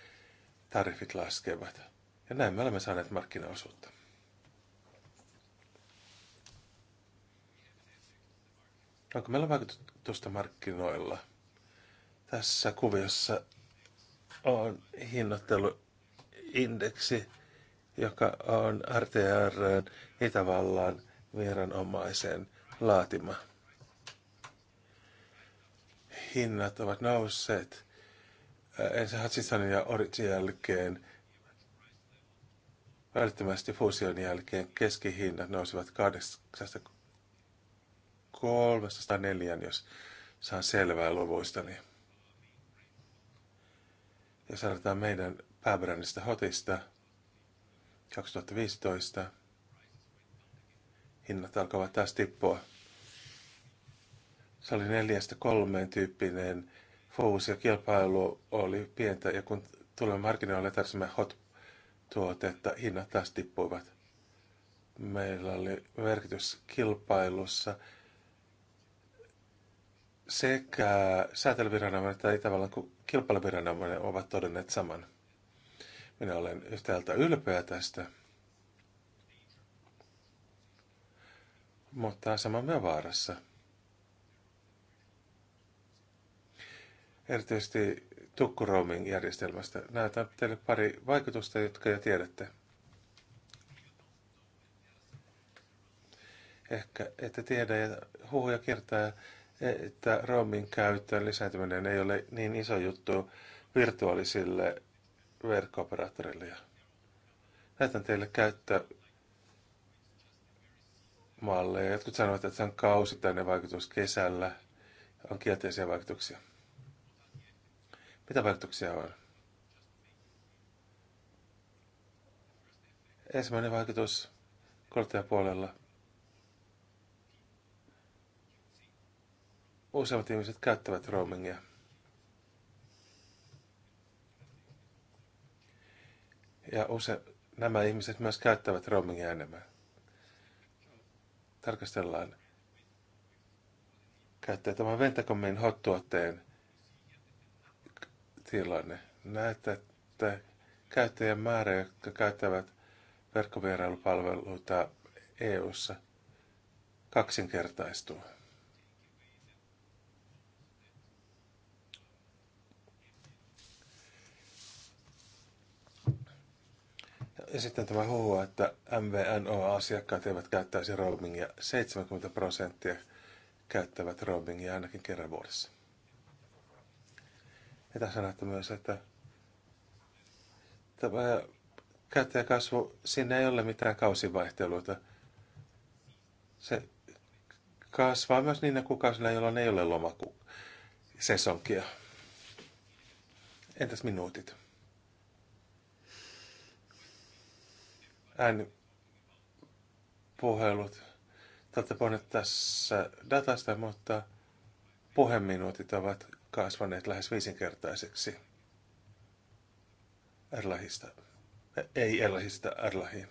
tarifit laskevat. Ja näin me olemme saaneet markkinaosuutta. Onko meillä vaikutusta markkinoilla? Tässä kuviossa on hinnoitteluindeksi, joka on RTR Itävallan viranomaisen laatima. Hinnat ovat nousseet äh, ensin Hatsisan ja Oritsin jälkeen. Välittömästi fuusion jälkeen keskihinnat nousivat 304, jos saan selvää luvuistani. Ja sanotaan meidän pääbrändistä Hotista 2015 hinnat alkavat taas tippua. Se oli neljästä kolmeen tyyppinen fokus ja kilpailu oli pientä ja kun tulemme markkinoille tarvitsemme hot-tuotetta, hinnat taas tippuivat. Meillä oli merkitys kilpailussa sekä säätelyviranomainen tavallaan kuin kilpailuviranomainen ovat todenneet saman. Minä olen yhtäältä ylpeä tästä – mutta asemamme on vaarassa. Erityisesti tukkuroaming järjestelmästä. Näytän teille pari vaikutusta, jotka jo tiedätte. Ehkä ette tiedä ja huhuja kertaa, että roaming käyttöön lisääntyminen ei ole niin iso juttu virtuaalisille verkko-operaattorille. Näytän teille käyttö malleja. Jotkut sanovat, että se on kausittainen vaikutus kesällä. On kielteisiä vaikutuksia. Mitä vaikutuksia on? Ensimmäinen vaikutus kuluttajapuolella. Useimmat ihmiset käyttävät roamingia. Ja use, nämä ihmiset myös käyttävät roamingia enemmän tarkastellaan käyttää tämän Ventacomin hot-tuotteen tilanne. Näette, että käyttäjien määrä, jotka käyttävät verkkovierailupalveluita EU-ssa kaksinkertaistuu. Ja sitten tämä huhu, että MVNO-asiakkaat eivät käyttäisi roamingia. 70 prosenttia käyttävät roamingia ainakin kerran vuodessa. Ja tässä näette myös, että tämä käyttäjäkasvu, siinä ei ole mitään kausivaihteluita. Se kasvaa myös niinä kuukausina, jolloin ei ole lomaku sesonkia. Entäs minuutit? äänipuhelut. Tätä olette tässä datasta, mutta puheminuutit ovat kasvaneet lähes viisinkertaiseksi. Erlahista. Ei Erlahista, Erlahiin.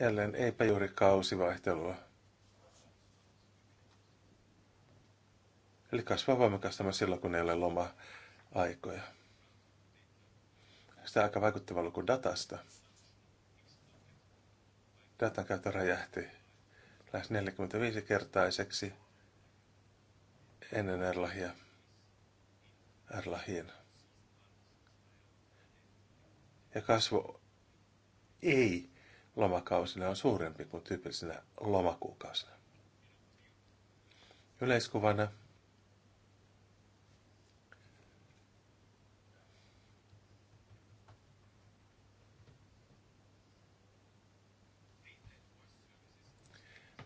Jälleen eipä juuri kausivaihtelua. Eli kasvaa tämä silloin, kun ei ole loma-aikoja sitä aika vaikuttava luku datasta. Datan käyttö räjähti lähes 45-kertaiseksi ennen Erlahia. Erlahien. Ja kasvu ei lomakausina on suurempi kuin tyypillisinä lomakuukausina. Yleiskuvana –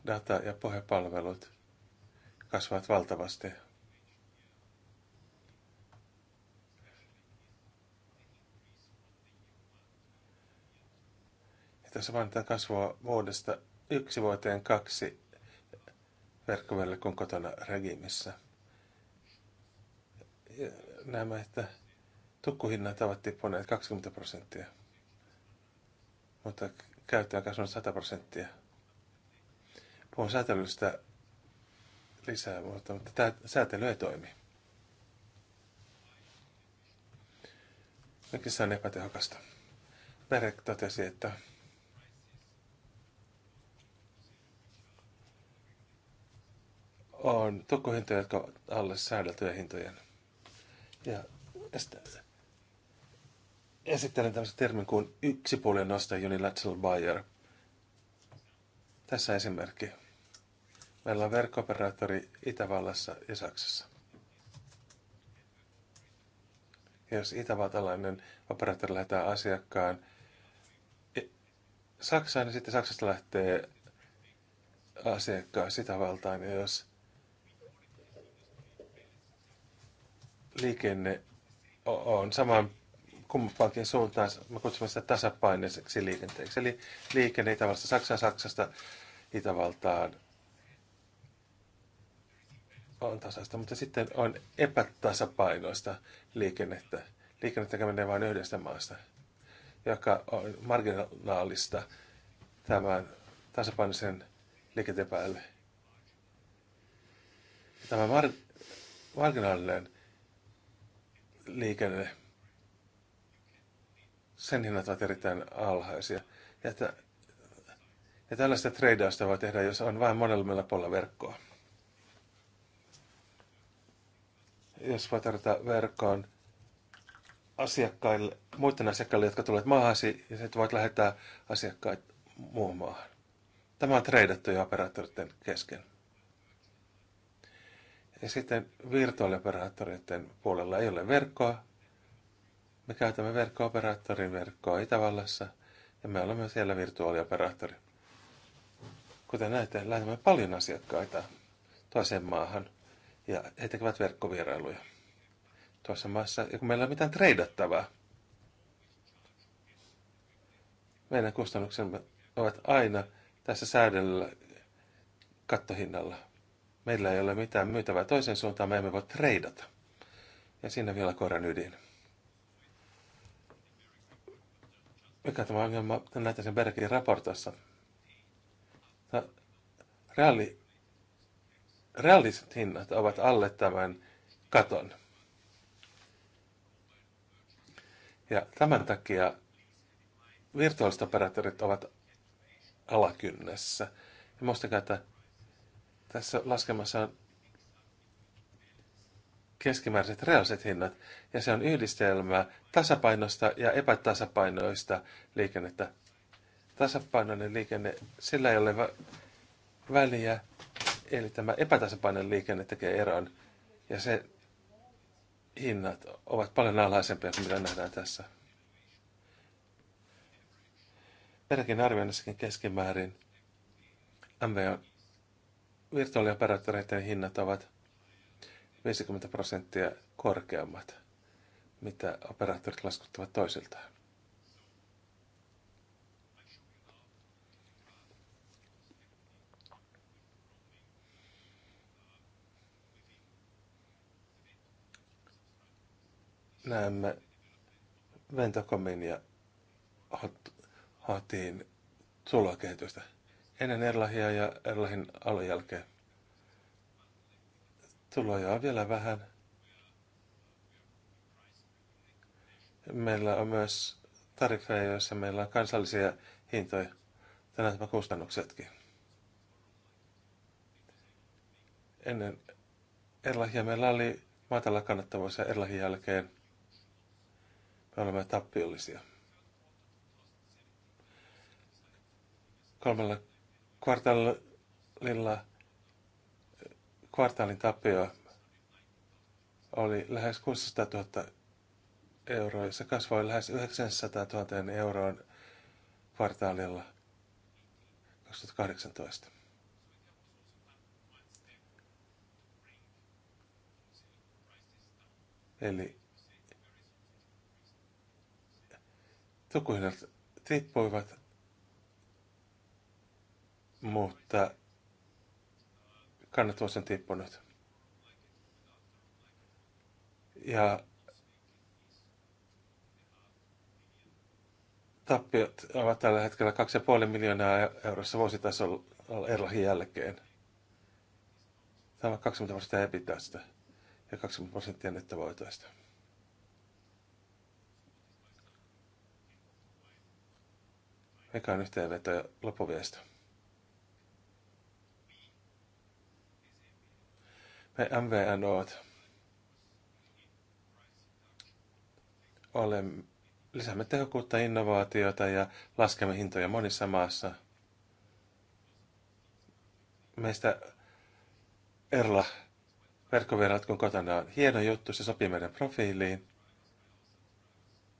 data- ja pohjapalvelut kasvavat valtavasti. Ja tässä mainitaan kasvua vuodesta yksi vuoteen kaksi verkkovälillä kuin kotona regimissä. Ja näemme, että tukkuhinnat ovat tippuneet 20 prosenttia, mutta käyttö on kasvanut 100 prosenttia. Puhun säätelystä lisää, mutta tämä säätely ei toimi. Mikä se on epätehokasta. Merek totesi, että on tukkuhintoja, jotka ovat alle säädeltyjä hintojen. Ja esittelen tämmöisen termin kuin yksipuolinen ostaja Unilateral Buyer. Tässä esimerkki. Meillä on verkkooperaattori Itävallassa ja Saksassa. Jos itävaltalainen operaattori lähettää asiakkaan Saksaan, niin sitten Saksasta lähtee asiakkaan sitä valtaan. Ja jos liikenne on saman kummankin suuntaan, me kutsumme sitä tasapaineiseksi liikenteeksi. Eli liikenne Itävallasta Saksaan, Saksasta Itävaltaan, on tasaista, mutta sitten on epätasapainoista liikennettä. Liikennettä menee vain yhdestä maasta, joka on marginaalista tämän tasapainoisen liikenteen päälle. Tämä mar- marginaalinen liikenne, sen hinnat ovat erittäin alhaisia. Ja, t- ja tällaista treidausta voi tehdä, jos on vain monella puolella verkkoa. jos voi tarjota verkkoon asiakkaille, muiden asiakkaille, jotka tulevat maahasi, ja sitten voit lähettää asiakkaat muun maahan. Tämä on treidattu jo operaattoreiden kesken. Ja sitten virtuaalioperaattoreiden puolella ei ole verkkoa. Me käytämme verkko-operaattorin verkkoa Itävallassa, ja me olemme siellä virtuaalioperaattori. Kuten näette, lähetämme paljon asiakkaita toiseen maahan – ja he tekevät verkkovierailuja tuossa maassa. Ja kun meillä ei ole mitään treidattavaa, meidän kustannuksemme ovat aina tässä säädellä kattohinnalla. Meillä ei ole mitään myytävää toisen suuntaan, me emme voi treidata. Ja siinä vielä koiran ydin. Mikä tämä ongelma, näyttää sen Bergin raportissa. No, reaali reaaliset hinnat ovat alle tämän katon. Ja tämän takia virtuaaliset operaattorit ovat alakynnessä. Ja muistakaa, että tässä laskemassa on keskimääräiset reaaliset hinnat, ja se on yhdistelmä tasapainosta ja epätasapainoista liikennettä. Tasapainoinen liikenne, sillä ei ole väliä Eli tämä epätasapainoinen liikenne tekee eron ja se hinnat ovat paljon alhaisempia kuin mitä nähdään tässä. Meidänkin arvioinnissakin keskimäärin MVOn virtuaalioperaattoreiden hinnat ovat 50 prosenttia korkeammat, mitä operaattorit laskuttavat toisiltaan. näemme Ventokomin ja Hot, Hotin tulokehitystä ennen Erlahia ja Erlahin alun jälkeen. Tuloja on vielä vähän. Meillä on myös tarifeja, joissa meillä on kansallisia hintoja. Tänään tämä kustannuksetkin. Ennen Erlahia meillä oli matala kannattavuus ja Erlahin jälkeen olemme tappiollisia. Kolmella kvartaalilla kvartaalin tappio oli lähes 600 000 euroa, ja se kasvoi lähes 900 000 euroon kvartaalilla 2018. Eli tukkuhinnat tippuivat, mutta kannat on tippunut. Ja tappiot ovat tällä hetkellä 2,5 miljoonaa eurossa vuositasolla Erlahin jälkeen. Tämä on 20 prosenttia epitästä ja 20 prosenttia nettovoitoista. Mikä yhteenveto ja lopuviesto. Me oot olemme, lisäämme tehokkuutta, innovaatiota ja laskemme hintoja monissa maassa. Meistä Erla verkkoverrat kun kotona on hieno juttu, se sopii meidän profiiliin.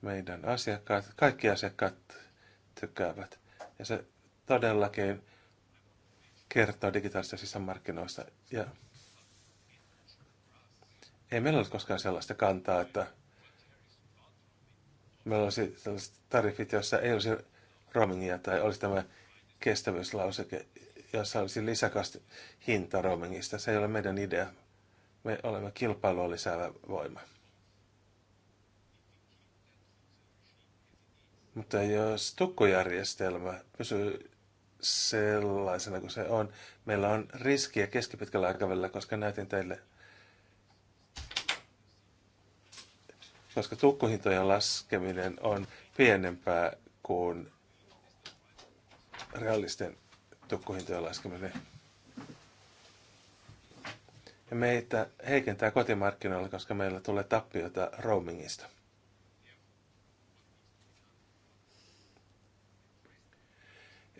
Meidän asiakkaat, kaikki asiakkaat tykkäävät. Ja se todellakin kertoo digitaalisista sisämarkkinoista. Ja ei meillä ole koskaan sellaista kantaa, että meillä olisi sellaiset tarifit, joissa ei olisi roamingia tai olisi tämä kestävyyslauseke, jossa olisi lisäkasti hinta roamingista. Se ei ole meidän idea. Me olemme kilpailua lisäävä voima. Mutta jos tukkojärjestelmä pysyy sellaisena kuin se on, meillä on riskiä keskipitkällä aikavälillä, koska näytin teille, koska tukkuhintojen laskeminen on pienempää kuin realisten tukkuhintojen laskeminen. Ja meitä heikentää kotimarkkinoilla, koska meillä tulee tappiota roamingista.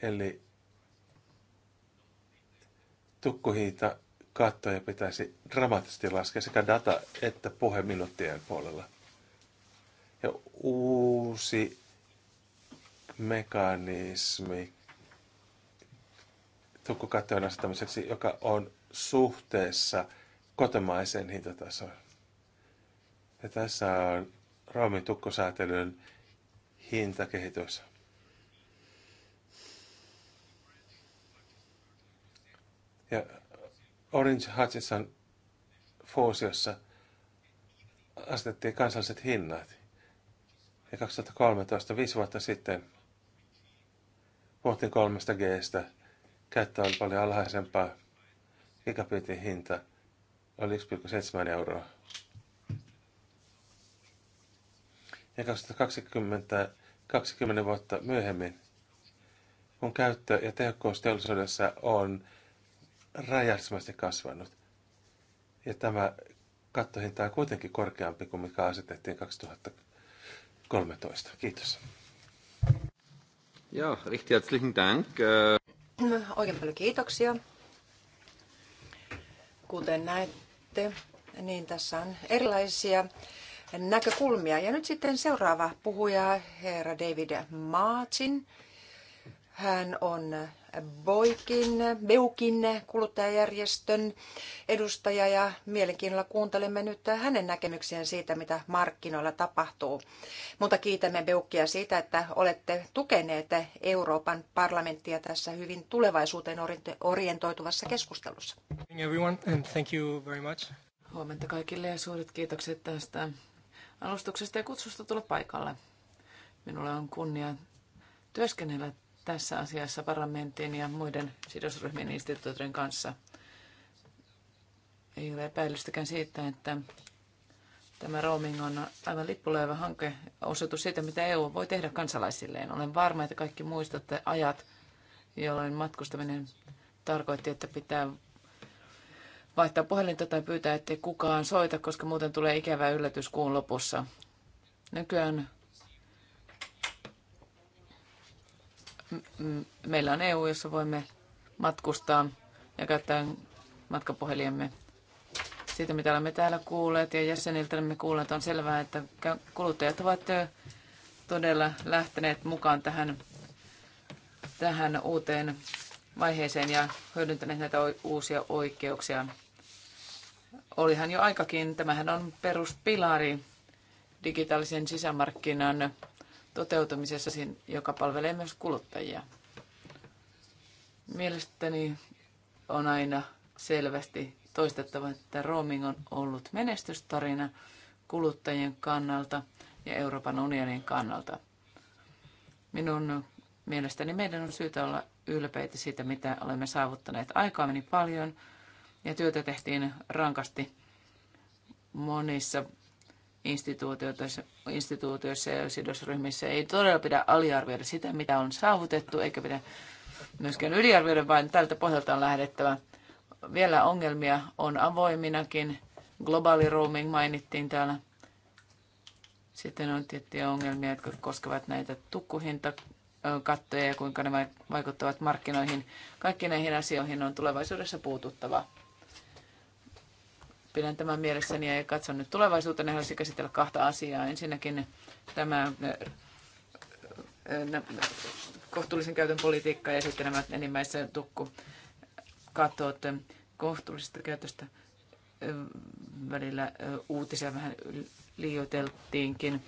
Eli tukkuhiita kattoja pitäisi dramaattisesti laskea sekä data- että puheminuuttien puolella. Ja uusi mekanismi tukkukattojen asettamiseksi, joka on suhteessa kotimaiseen hintatasoon. Ja tässä on Roomin tukkosäätelyn hintakehitys. ja Orange Hutchison fuusiossa asetettiin kansalliset hinnat. Ja 2013, viisi vuotta sitten, puhuttiin 3Gstä. Käyttö oli paljon alhaisempaa. Gigabitin hinta oli 1,7 euroa. Ja 2020, 20 vuotta myöhemmin, kun käyttö- ja tehokkuus teollisuudessa on räjähdysmäisesti kasvanut. Ja tämä kattohinta on kuitenkin korkeampi kuin mikä asetettiin 2013. Kiitos. Ja, richtig herzlichen Dank. Äh. Oikein paljon kiitoksia. Kuten näette, niin tässä on erilaisia näkökulmia. Ja nyt sitten seuraava puhuja, herra David Martin. Hän on Boikin, Beukin kuluttajajärjestön edustaja ja mielenkiinnolla kuuntelemme nyt hänen näkemyksiään siitä, mitä markkinoilla tapahtuu. Mutta kiitämme Beukia siitä, että olette tukeneet Euroopan parlamenttia tässä hyvin tulevaisuuteen orientoituvassa keskustelussa. Huomenta kaikille ja suuret kiitokset tästä alustuksesta ja kutsusta tulla paikalle. Minulla on kunnia työskennellä tässä asiassa parlamentin ja muiden sidosryhmien instituutioiden kanssa. Ei ole epäilystäkään siitä, että tämä roaming on aivan lippuleiva hanke, osoitus siitä, mitä EU voi tehdä kansalaisilleen. Olen varma, että kaikki muistatte ajat, jolloin matkustaminen tarkoitti, että pitää vaihtaa puhelinta tai pyytää, ettei kukaan soita, koska muuten tulee ikävä yllätys kuun lopussa. Nykyään meillä on EU, jossa voimme matkustaa ja käyttää matkapuhelimme. Siitä, mitä olemme täällä kuulleet ja jäseniltämme kuulleet, on selvää, että kuluttajat ovat todella lähteneet mukaan tähän, tähän uuteen vaiheeseen ja hyödyntäneet näitä uusia oikeuksia. Olihan jo aikakin, tämähän on peruspilari digitaalisen sisämarkkinan toteutumisessa, joka palvelee myös kuluttajia. Mielestäni on aina selvästi toistettava, että roaming on ollut menestystarina kuluttajien kannalta ja Euroopan unionin kannalta. Minun mielestäni meidän on syytä olla ylpeitä siitä, mitä olemme saavuttaneet. Aikaa meni paljon ja työtä tehtiin rankasti monissa instituutioissa, instituutioissa ja sidosryhmissä. Ei todella pidä aliarvioida sitä, mitä on saavutettu, eikä pidä myöskään yliarvioida, vaan tältä pohjalta on lähdettävä. Vielä ongelmia on avoiminakin. Globaali roaming mainittiin täällä. Sitten on tiettyjä ongelmia, jotka koskevat näitä tukkuhintakattoja ja kuinka ne vaikuttavat markkinoihin. Kaikki näihin asioihin on tulevaisuudessa puututtava. Pidän tämän mielessäni ja katson nyt tulevaisuuteen. haluaisin käsitellä kahta asiaa. Ensinnäkin tämä eh, kohtuullisen käytön politiikka ja sitten nämä enimmäisen tukku katot kohtuullisesta käytöstä eh, välillä eh, uutisia vähän liioiteltiinkin.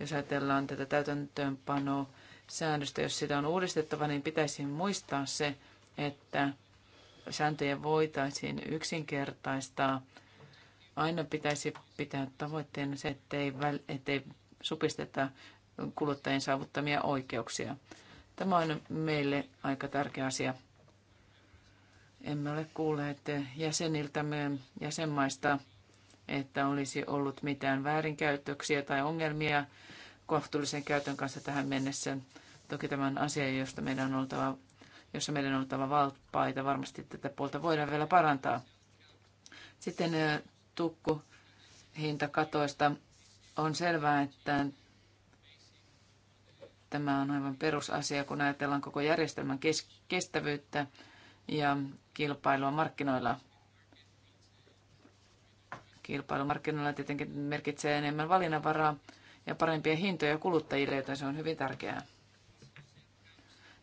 Jos ajatellaan tätä täytäntöönpanoa säännöstä, jos sitä on uudistettava, niin pitäisi muistaa se, että sääntöjä voitaisiin yksinkertaistaa Aina pitäisi pitää tavoitteena se, ettei, ettei supisteta kuluttajien saavuttamia oikeuksia. Tämä on meille aika tärkeä asia. Emme ole kuulleet jäseniltämme jäsenmaista, että olisi ollut mitään väärinkäytöksiä tai ongelmia kohtuullisen käytön kanssa tähän mennessä. Toki on asia, josta meidän on oltava, jossa meidän on oltava valppaita, varmasti tätä puolta voidaan vielä parantaa. Sitten tukku hintakatoista. On selvää, että tämä on aivan perusasia, kun ajatellaan koko järjestelmän kestävyyttä ja kilpailua markkinoilla. Kilpailu markkinoilla tietenkin merkitsee enemmän valinnanvaraa ja parempia hintoja kuluttajille, joten se on hyvin tärkeää.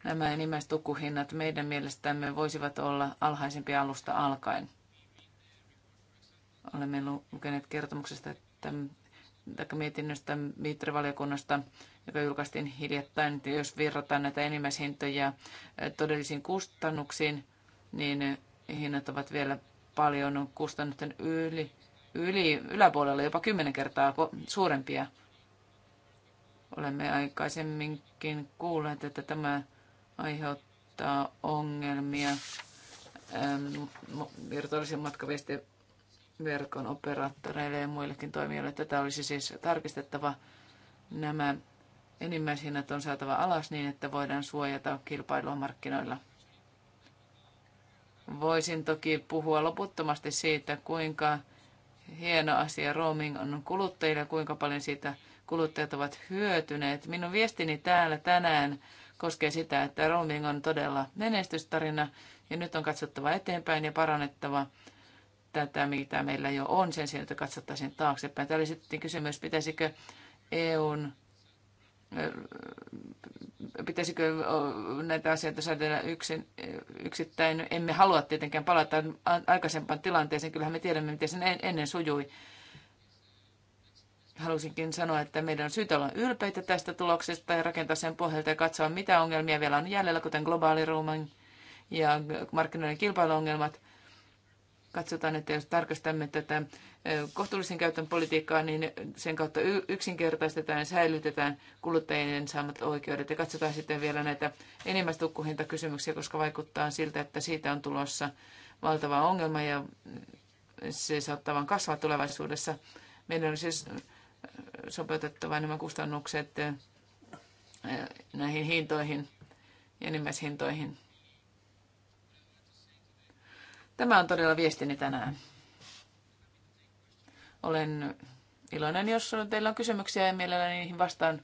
Nämä enimmäistukkuhinnat meidän mielestämme voisivat olla alhaisempia alusta alkaen. Olemme lukeneet kertomuksesta, että tai mietinnöstä Mitre-valiokunnasta, joka julkaistiin hiljattain, että jos verrataan näitä enimmäishintoja todellisiin kustannuksiin, niin hinnat ovat vielä paljon kustannusten yli, yli yläpuolella jopa kymmenen kertaa suurempia. Olemme aikaisemminkin kuulleet, että tämä aiheuttaa ongelmia virtuaalisen matkaviestin verkon operaattoreille ja muillekin toimijoille. Tätä olisi siis tarkistettava. Nämä enimmäishinnat on saatava alas niin, että voidaan suojata kilpailua markkinoilla. Voisin toki puhua loputtomasti siitä, kuinka hieno asia roaming on kuluttajille ja kuinka paljon siitä kuluttajat ovat hyötyneet. Minun viestini täällä tänään koskee sitä, että roaming on todella menestystarina ja nyt on katsottava eteenpäin ja parannettava tätä, mitä meillä jo on, sen sijaan, että katsottaisiin taaksepäin. Täällä sitten kysymys, pitäisikö EUn pitäisikö näitä asioita säädellä yksin, yksittäin. Emme halua tietenkään palata aikaisempaan tilanteeseen. Kyllähän me tiedämme, miten sen ennen sujui. Halusinkin sanoa, että meidän on syytä olla ylpeitä tästä tuloksesta ja rakentaa sen pohjalta ja katsoa, mitä ongelmia vielä on jäljellä, kuten globaali ruuman ja markkinoiden kilpailuongelmat – katsotaan, että jos tarkastamme tätä kohtuullisen käytön politiikkaa, niin sen kautta yksinkertaistetaan ja säilytetään kuluttajien saamat oikeudet. Ja katsotaan sitten vielä näitä enimmäistukkuhintakysymyksiä, koska vaikuttaa siltä, että siitä on tulossa valtava ongelma ja se saattaa vain kasvaa tulevaisuudessa. Meidän on siis sopeutettava nämä kustannukset näihin hintoihin, enimmäishintoihin. Tämä on todella viestini tänään. Olen iloinen, jos teillä on kysymyksiä ja mielelläni niihin vastaan.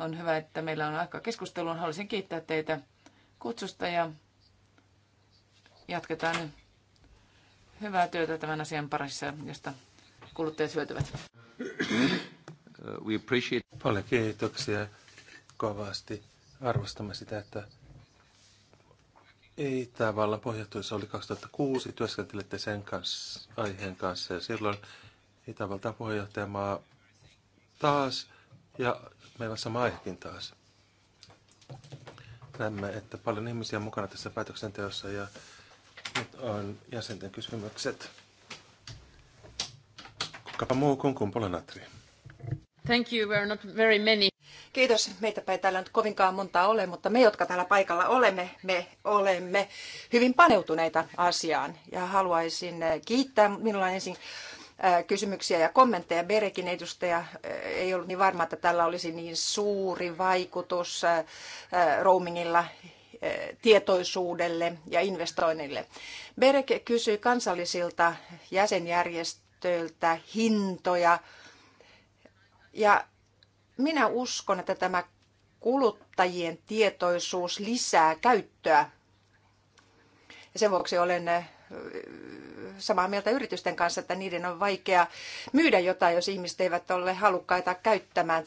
On hyvä, että meillä on aika keskusteluun. Haluaisin kiittää teitä kutsusta ja jatketaan nyt hyvää työtä tämän asian parissa, josta kuluttajat hyötyvät. We appreciate... Paljon kiitoksia kovasti. Arvostamme sitä, että Itävallan pohjattuessa oli 2006, työskentelitte sen kanssa, aiheen kanssa ja silloin Itävalta puheenjohtajamaa taas ja meillä on sama aihekin taas. Näemme, että paljon ihmisiä on mukana tässä päätöksenteossa ja nyt on jäsenten kysymykset. Kukapa muu kuin kumpulanatri? Thank you, We are not very many. Kiitos. Meitäpä ei täällä nyt kovinkaan montaa ole, mutta me, jotka täällä paikalla olemme, me olemme hyvin paneutuneita asiaan. Ja haluaisin eh, kiittää. Minulla on ensin eh, kysymyksiä ja kommentteja. Berekin edustaja eh, ei ollut niin varma, että tällä olisi niin suuri vaikutus roamingilla tietoisuudelle ja investoinnille. Berek kysyi kansallisilta jäsenjärjestöiltä hintoja ja minä uskon, että tämä kuluttajien tietoisuus lisää käyttöä. Ja sen vuoksi olen eh, samaa mieltä yritysten kanssa, että niiden on vaikea myydä jotain, jos ihmiset eivät ole halukkaita käyttämään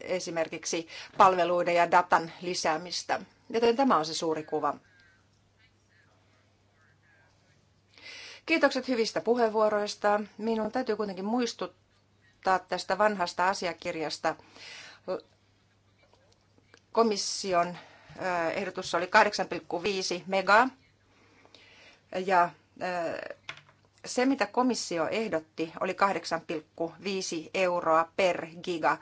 esimerkiksi palveluiden ja datan lisäämistä. Joten tämä on se suuri kuva. Kiitokset hyvistä puheenvuoroista. Minun täytyy kuitenkin muistuttaa, ottaa tästä vanhasta asiakirjasta. Komission äh, ehdotus oli 8,5 megaa. Ja äh, se, mitä komissio ehdotti, oli 8,5 euroa per giga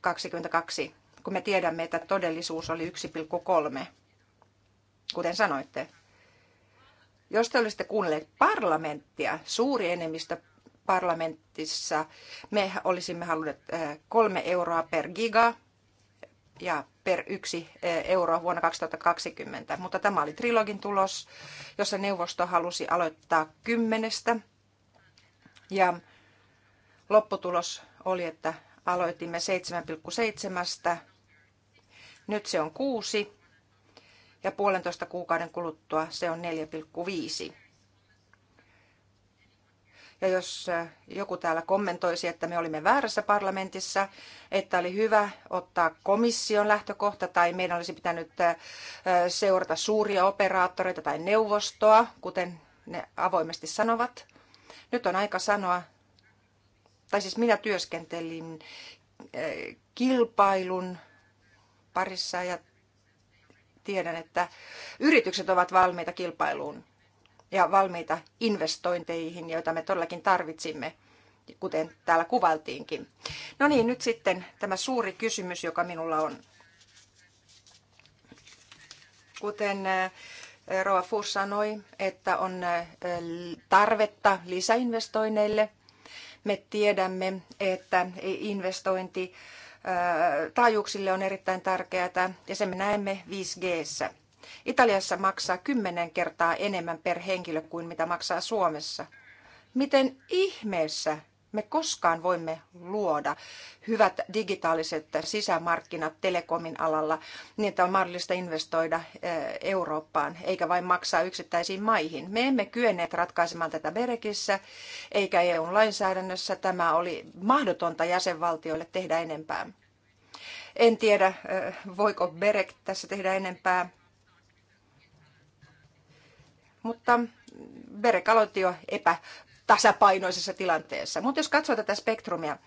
22, äh, kun me tiedämme, että todellisuus oli 1,3, kuten sanoitte. Jos te olisitte kuunnelleet parlamenttia, suuri enemmistö parlamentissa me olisimme halunneet äh, kolme euroa per giga ja per yksi äh, euro vuonna 2020, mutta tämä oli trilogin tulos, jossa neuvosto halusi aloittaa kymmenestä. Ja lopputulos oli, että aloitimme 7,7. Nyt se on kuusi ja puolentoista kuukauden kuluttua se on 4,5. Ja jos äh, joku täällä kommentoisi, että me olimme väärässä parlamentissa, että oli hyvä ottaa komission lähtökohta tai meidän olisi pitänyt äh, äh, seurata suuria operaattoreita tai neuvostoa, kuten ne avoimesti sanovat. Nyt on aika sanoa, tai siis minä työskentelin kilpailun parissa ja tiedän, että yritykset ovat valmiita kilpailuun ja valmiita investointeihin, joita me todellakin tarvitsimme, kuten täällä kuvaltiinkin. No niin, nyt sitten tämä suuri kysymys, joka minulla on. Kuten äh, Roa Fuss sanoi, että on äh, tarvetta lisäinvestoinneille. Me tiedämme, että investointi äh, taajuuksille on erittäin tärkeää ja sen me näemme 5 g Italiassa maksaa kymmenen kertaa enemmän per henkilö kuin mitä maksaa Suomessa. Miten ihmeessä me koskaan voimme luoda hyvät digitaaliset sisämarkkinat telekomin alalla, niin että on mahdollista investoida eh, Eurooppaan, eikä vain maksaa yksittäisiin maihin. Me emme kyenneet ratkaisemaan tätä Berekissä, eikä eu lainsäädännössä. Tämä oli mahdotonta jäsenvaltioille tehdä enempää. En tiedä, eh, voiko Berek tässä tehdä enempää mutta Berek jo epätasapainoisessa tilanteessa. Mutta jos katsoo tätä spektrumia,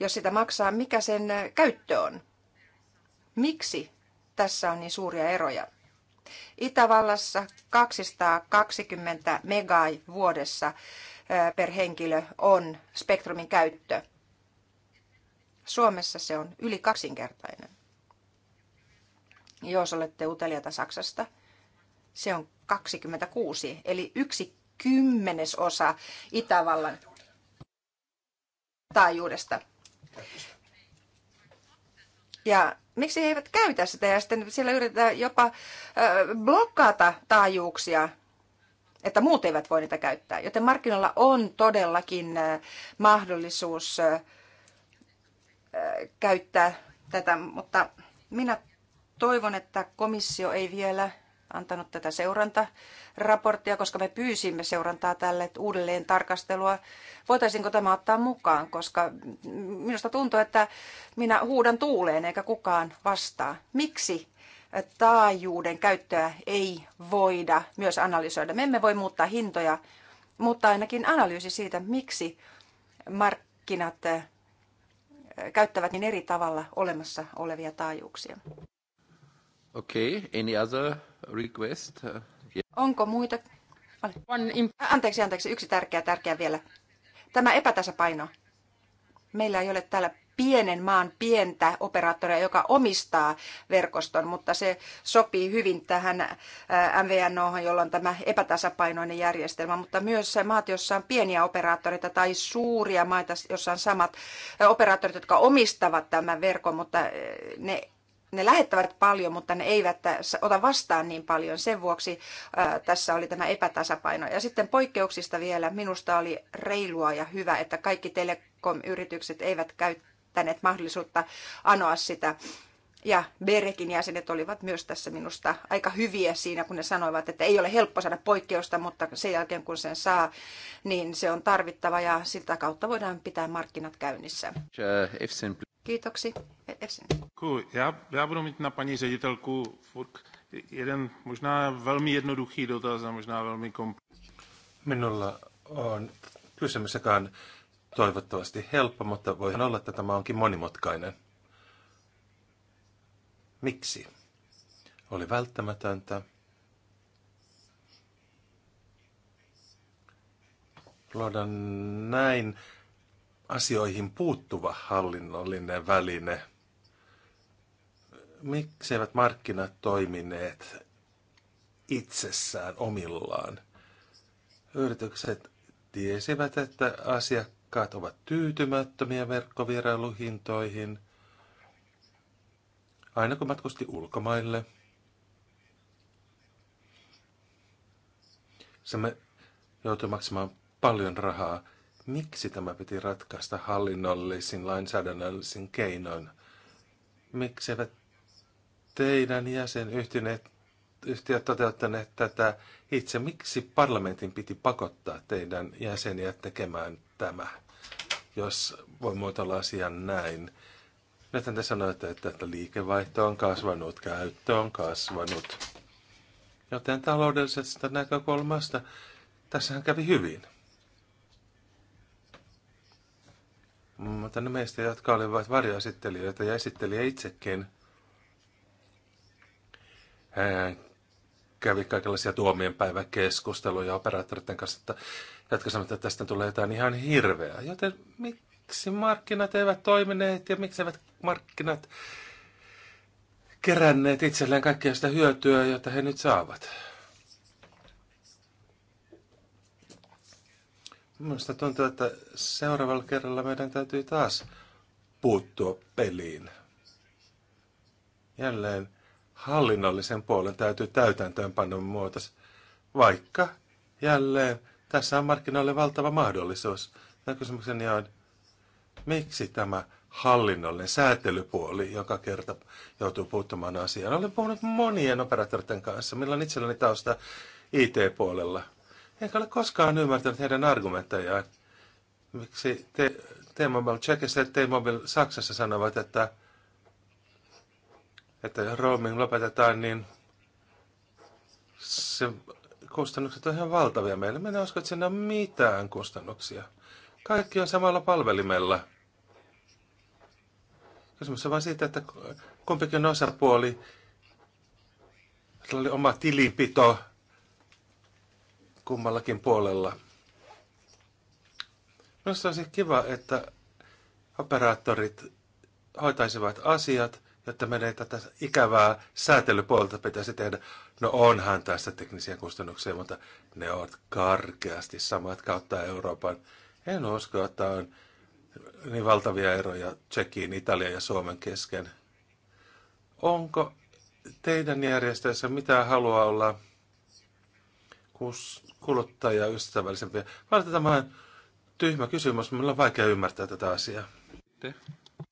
jos sitä maksaa, mikä sen käyttö on? Miksi tässä on niin suuria eroja? Itävallassa 220 mega vuodessa per henkilö on spektrumin käyttö. Suomessa se on yli kaksinkertainen. Jos olette uteliaita Saksasta, se on 26, eli yksi kymmenesosa Itävallan taajuudesta. Ja miksi he eivät käytä sitä ja sitten siellä yritetään jopa blokata taajuuksia, että muut eivät voi niitä käyttää. Joten markkinoilla on todellakin mahdollisuus käyttää tätä, mutta minä toivon, että komissio ei vielä antanut tätä seurantaraporttia, koska me pyysimme seurantaa tälle uudelleen tarkastelua. Voitaisinko tämä ottaa mukaan, koska minusta tuntuu, että minä huudan tuuleen eikä kukaan vastaa. Miksi taajuuden käyttöä ei voida myös analysoida? Me emme voi muuttaa hintoja, mutta ainakin analyysi siitä, miksi markkinat käyttävät niin eri tavalla olemassa olevia taajuuksia. Okay, any other request? Uh, yeah. Onko muita? Anteeksi, anteeksi, yksi tärkeä, tärkeä vielä. Tämä epätasapaino. Meillä ei ole täällä pienen maan pientä operaattoria, joka omistaa verkoston, mutta se sopii hyvin tähän MVNO, jolla on tämä epätasapainoinen järjestelmä, mutta myös maat, joissa on pieniä operaattoreita tai suuria maita, joissa on samat operaattorit, jotka omistavat tämän verkon, mutta ne ne lähettävät paljon, mutta ne eivät ota vastaan niin paljon. Sen vuoksi ää, tässä oli tämä epätasapaino. Ja sitten poikkeuksista vielä. Minusta oli reilua ja hyvä, että kaikki telekom-yritykset eivät käyttäneet mahdollisuutta anoa sitä. Ja Berekin jäsenet olivat myös tässä minusta aika hyviä siinä, kun ne sanoivat, että ei ole helppo saada poikkeusta, mutta sen jälkeen kun sen saa, niin se on tarvittava ja siltä kautta voidaan pitää markkinat käynnissä. Äh, Kiitoksi. Já, já budu mít na paní ředitelku Furk jeden možná velmi jednoduchý dotaz a možná velmi komplexní. Minulla on kysymys, joka on toivottavasti helppo, mutta voihan olla, että tämä onkin monimutkainen. Miksi? Oli välttämätöntä. Luoda näin asioihin puuttuva hallinnollinen väline. eivät markkinat toimineet itsessään omillaan? Yritykset tiesivät, että asiakkaat ovat tyytymättömiä verkkovierailuhintoihin. Aina kun matkusti ulkomaille, se me joutui maksamaan paljon rahaa Miksi tämä piti ratkaista hallinnollisin lainsäädännöllisin keinoin? eivät teidän jäsenyhtiöt yhtiöt toteuttaneet tätä itse? Miksi parlamentin piti pakottaa teidän jäseniä tekemään tämä, jos voi muotoilla asian näin? Nyt te sanoitte, että, että liikevaihto on kasvanut, käyttö on kasvanut. Joten taloudellisesta näkökulmasta tässähän kävi hyvin. Mutta mm, ne meistä, jotka olivat varjoesittelijöitä ja esittelijä itsekin, hän kävi kaikenlaisia päiväkeskusteluja operaattoreiden kanssa, että, jotka sanoivat, että tästä tulee jotain ihan hirveää. Joten miksi markkinat eivät toimineet ja miksi eivät markkinat keränneet itselleen kaikkea sitä hyötyä, jota he nyt saavat? Minusta tuntuu, että seuraavalla kerralla meidän täytyy taas puuttua peliin. Jälleen hallinnollisen puolen täytyy täytäntöönpannon muotos, vaikka jälleen tässä on markkinoille valtava mahdollisuus. Tämä kysymykseni on, miksi tämä hallinnollinen säätelypuoli joka kerta joutuu puuttumaan asiaan. Olen puhunut monien operaattoreiden kanssa, millä on itselläni tausta IT-puolella – Enkä ole koskaan ymmärtänyt heidän argumenttejaan. Miksi te, T-Mobile Tsekissä ja T-Mobile Saksassa sanovat, että, että roaming lopetetaan, niin se kustannukset on ihan valtavia meille. Minä en usko, että siinä on mitään kustannuksia. Kaikki on samalla palvelimella. Kysymys on vain siitä, että kumpikin osapuoli sillä oli oma tilinpito kummallakin puolella. Minusta olisi kiva, että operaattorit hoitaisivat asiat, jotta me ei tätä ikävää säätelypuolta pitäisi tehdä. No onhan tässä teknisiä kustannuksia, mutta ne ovat karkeasti samat kautta Euroopan. En usko, että on niin valtavia eroja Tsekiin, Italian ja Suomen kesken. Onko teidän järjestöissä mitään halua olla kuluttajaystävällisempiä. Valitetaan vain tyhmä kysymys, minulla on vaikea ymmärtää tätä asiaa.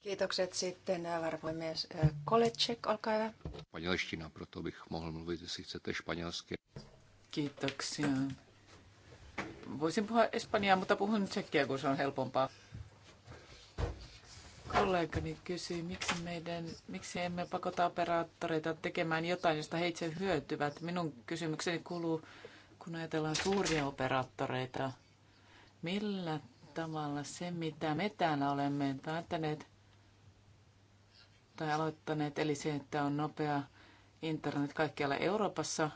Kiitokset sitten varapuhemies Kolecek, olkaa hyvä. Spanjalskina, proto bych mohl mluvit, jestli chcete španělsky. Kiitoksia. Voisin puhua espanjaa, mutta puhun tsekkiä, kun se on helpompaa. Kollegani kysyi, miksi, meidän, miksi emme pakota operaattoreita tekemään jotain, josta he itse hyötyvät. Minun kysymykseni kuuluu, kun ajatellaan suuria operaattoreita, millä tavalla se, mitä me täällä olemme päättäneet tai aloittaneet, eli se, että on nopea internet kaikkialla Euroopassa,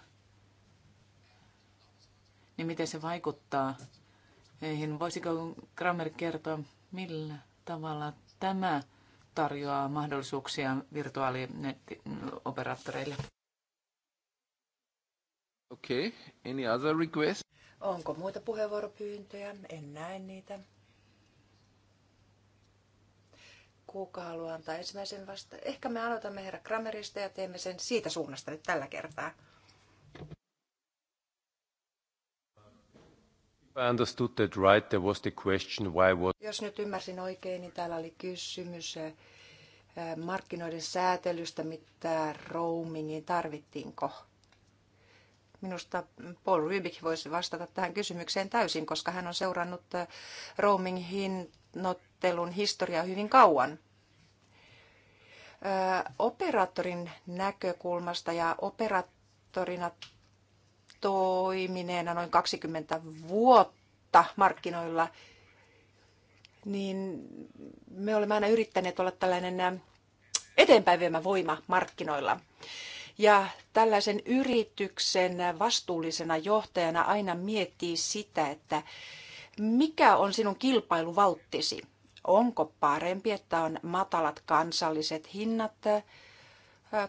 niin miten se vaikuttaa heihin? Voisiko Grammer kertoa, millä tavalla tämä tarjoaa mahdollisuuksia virtuaalioperaattoreille? Okay. Any other request? Onko muita puheenvuoropyyntöjä? En näe niitä. Kuka haluaa antaa ensimmäisen vasta? Ehkä me aloitamme herra Kramerista ja teemme sen siitä suunnasta nyt tällä kertaa. Jos nyt ymmärsin oikein, niin täällä oli kysymys eh, eh, markkinoiden säätelystä, mitä roamingiin tarvittiinko? Minusta Paul Rybik voisi vastata tähän kysymykseen täysin, koska hän on seurannut äh, roaming-hinnoittelun historiaa hyvin kauan. Äh, operaattorin näkökulmasta ja operaattorina toimineena noin 20 vuotta markkinoilla, niin me olemme aina yrittäneet olla tällainen äh, eteenpäin viemä voima markkinoilla. Ja tällaisen yrityksen vastuullisena johtajana aina miettii sitä, että mikä on sinun kilpailuvalttisi? Onko parempi, että on matalat kansalliset hinnat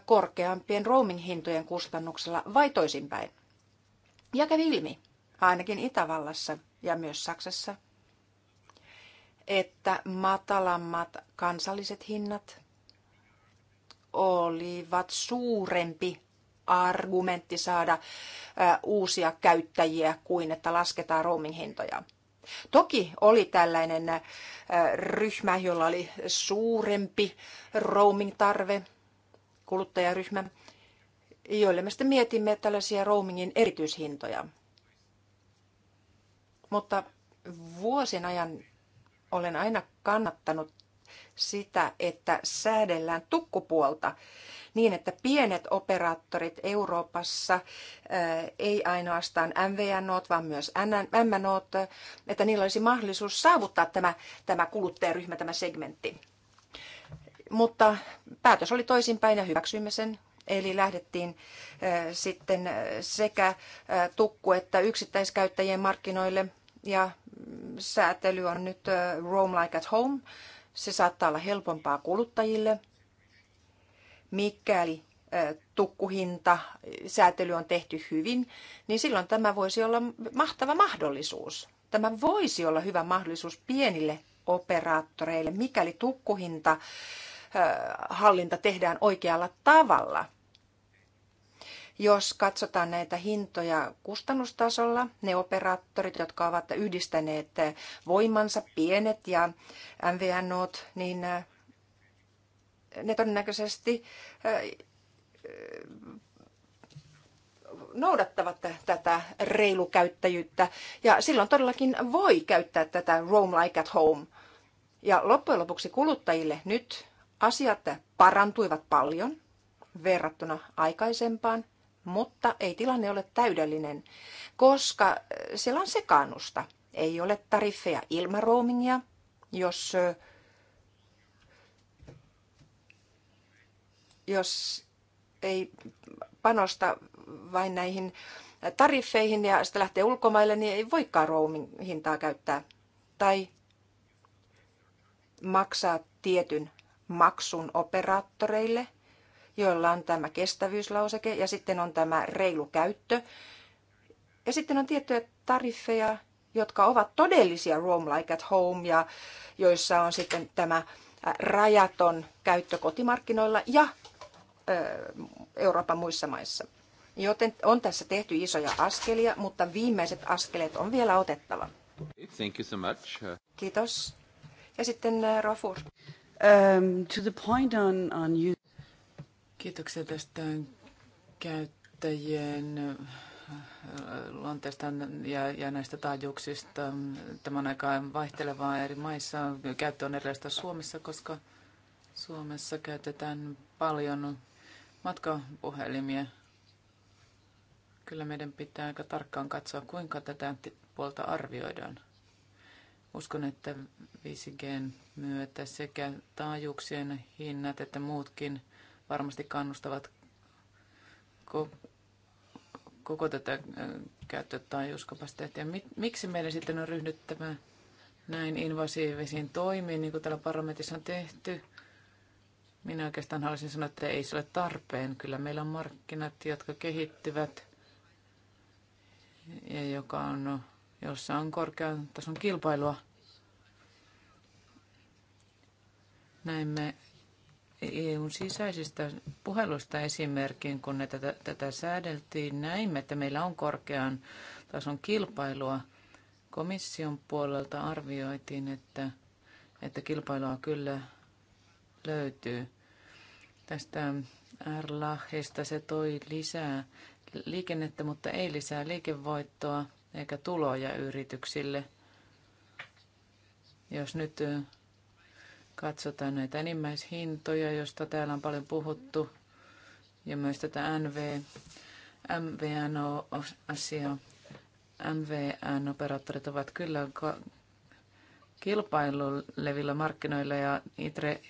korkeampien roaming-hintojen kustannuksella vai toisinpäin? Ja kävi ilmi, ainakin Itävallassa ja myös Saksassa, että matalammat kansalliset hinnat olivat suurempi argumentti saada uusia käyttäjiä kuin että lasketaan roaming hintoja. Toki oli tällainen ryhmä, jolla oli suurempi roaming-tarve, kuluttajaryhmä, joille me sitten mietimme tällaisia roamingin erityishintoja. Mutta vuosien ajan olen aina kannattanut sitä, että säädellään tukkupuolta niin, että pienet operaattorit Euroopassa, eh, ei ainoastaan MVNOt, vaan myös MNOt, eh, että niillä olisi mahdollisuus saavuttaa tämä, tämä kuluttajaryhmä, tämä segmentti. Mutta päätös oli toisinpäin ja hyväksyimme sen. Eli lähdettiin eh, sitten sekä tukku- että yksittäiskäyttäjien markkinoille ja mm, säätely on nyt Roam Like at Home se saattaa olla helpompaa kuluttajille, mikäli tukkuhinta, säätely on tehty hyvin, niin silloin tämä voisi olla mahtava mahdollisuus. Tämä voisi olla hyvä mahdollisuus pienille operaattoreille, mikäli tukkuhinta hallinta tehdään oikealla tavalla – jos katsotaan näitä hintoja kustannustasolla, ne operaattorit, jotka ovat yhdistäneet voimansa, pienet ja MVNOt, niin äh, ne todennäköisesti äh, noudattavat tätä reilukäyttäjyyttä ja silloin todellakin voi käyttää tätä Roam Like at Home. Ja loppujen lopuksi kuluttajille nyt asiat parantuivat paljon verrattuna aikaisempaan. Mutta ei tilanne ole täydellinen, koska eh, siellä on sekaannusta. Ei ole tariffeja ilman roamingia, jos, eh, jos ei panosta vain näihin tariffeihin ja sitä lähtee ulkomaille, niin ei voikaan roaming-hintaa käyttää. Tai maksaa tietyn maksun operaattoreille – joilla on tämä kestävyyslauseke ja sitten on tämä reilu käyttö. Ja sitten on tiettyjä tariffeja, jotka ovat todellisia Roam Like at Home ja joissa on sitten tämä äh, rajaton käyttö kotimarkkinoilla ja Euroopan muissa maissa. Joten on tässä tehty isoja askelia, mutta viimeiset askeleet on vielä otettava. Thank you so much. Kiitos. Ja sitten äh, Rafur. Um, to the point on, on you. Kiitoksia tästä käyttäjien äh, luonteesta ja, ja näistä taajuuksista. Tämä on aika vaihtelevaa eri maissa. Käyttö on erilaista Suomessa, koska Suomessa käytetään paljon matkapuhelimia. Kyllä meidän pitää aika tarkkaan katsoa, kuinka tätä puolta arvioidaan. Uskon, että 5 g myötä sekä taajuuksien hinnat että muutkin – varmasti kannustavat koko tätä käyttötaajuuskapasiteettia. Miksi meillä sitten on ryhdyttävä näin invasiivisiin toimiin, niin kuin täällä parlamentissa on tehty? Minä oikeastaan haluaisin sanoa, että ei se ole tarpeen. Kyllä meillä on markkinat, jotka kehittyvät ja joka on, jossa on korkean tason kilpailua. me EUn sisäisistä puheluista esimerkin, kun tätä, tätä säädeltiin, näimme, että meillä on korkean tason kilpailua. Komission puolelta arvioitiin, että, että kilpailua kyllä löytyy. Tästä R-lahjesta se toi lisää liikennettä, mutta ei lisää liikevoittoa eikä tuloja yrityksille. Jos nyt katsotaan näitä enimmäishintoja, joista täällä on paljon puhuttu, ja myös tätä NV, MVNO-asiaa. MVN-operaattorit ovat kyllä kilpailulevillä markkinoilla ja ITRE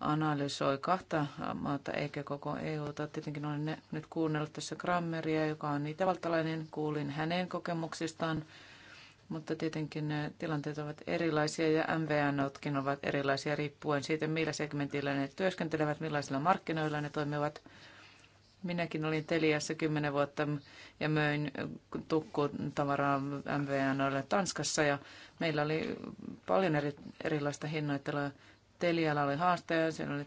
analysoi kahta maata eikä koko EUta. Tietenkin olen nyt kuunnellut tässä Grammeria, joka on itävaltalainen. Kuulin hänen kokemuksistaan mutta tietenkin eh, tilanteet ovat erilaisia ja MVNotkin ovat erilaisia riippuen siitä, millä segmentillä ne työskentelevät, millaisilla markkinoilla ne toimivat. Minäkin olin Teliassa kymmenen vuotta ja möin eh, tukkutavaraa MVNOille Tanskassa ja meillä oli paljon eri, erilaista hinnoittelua. Telialla oli haasteja, siellä oli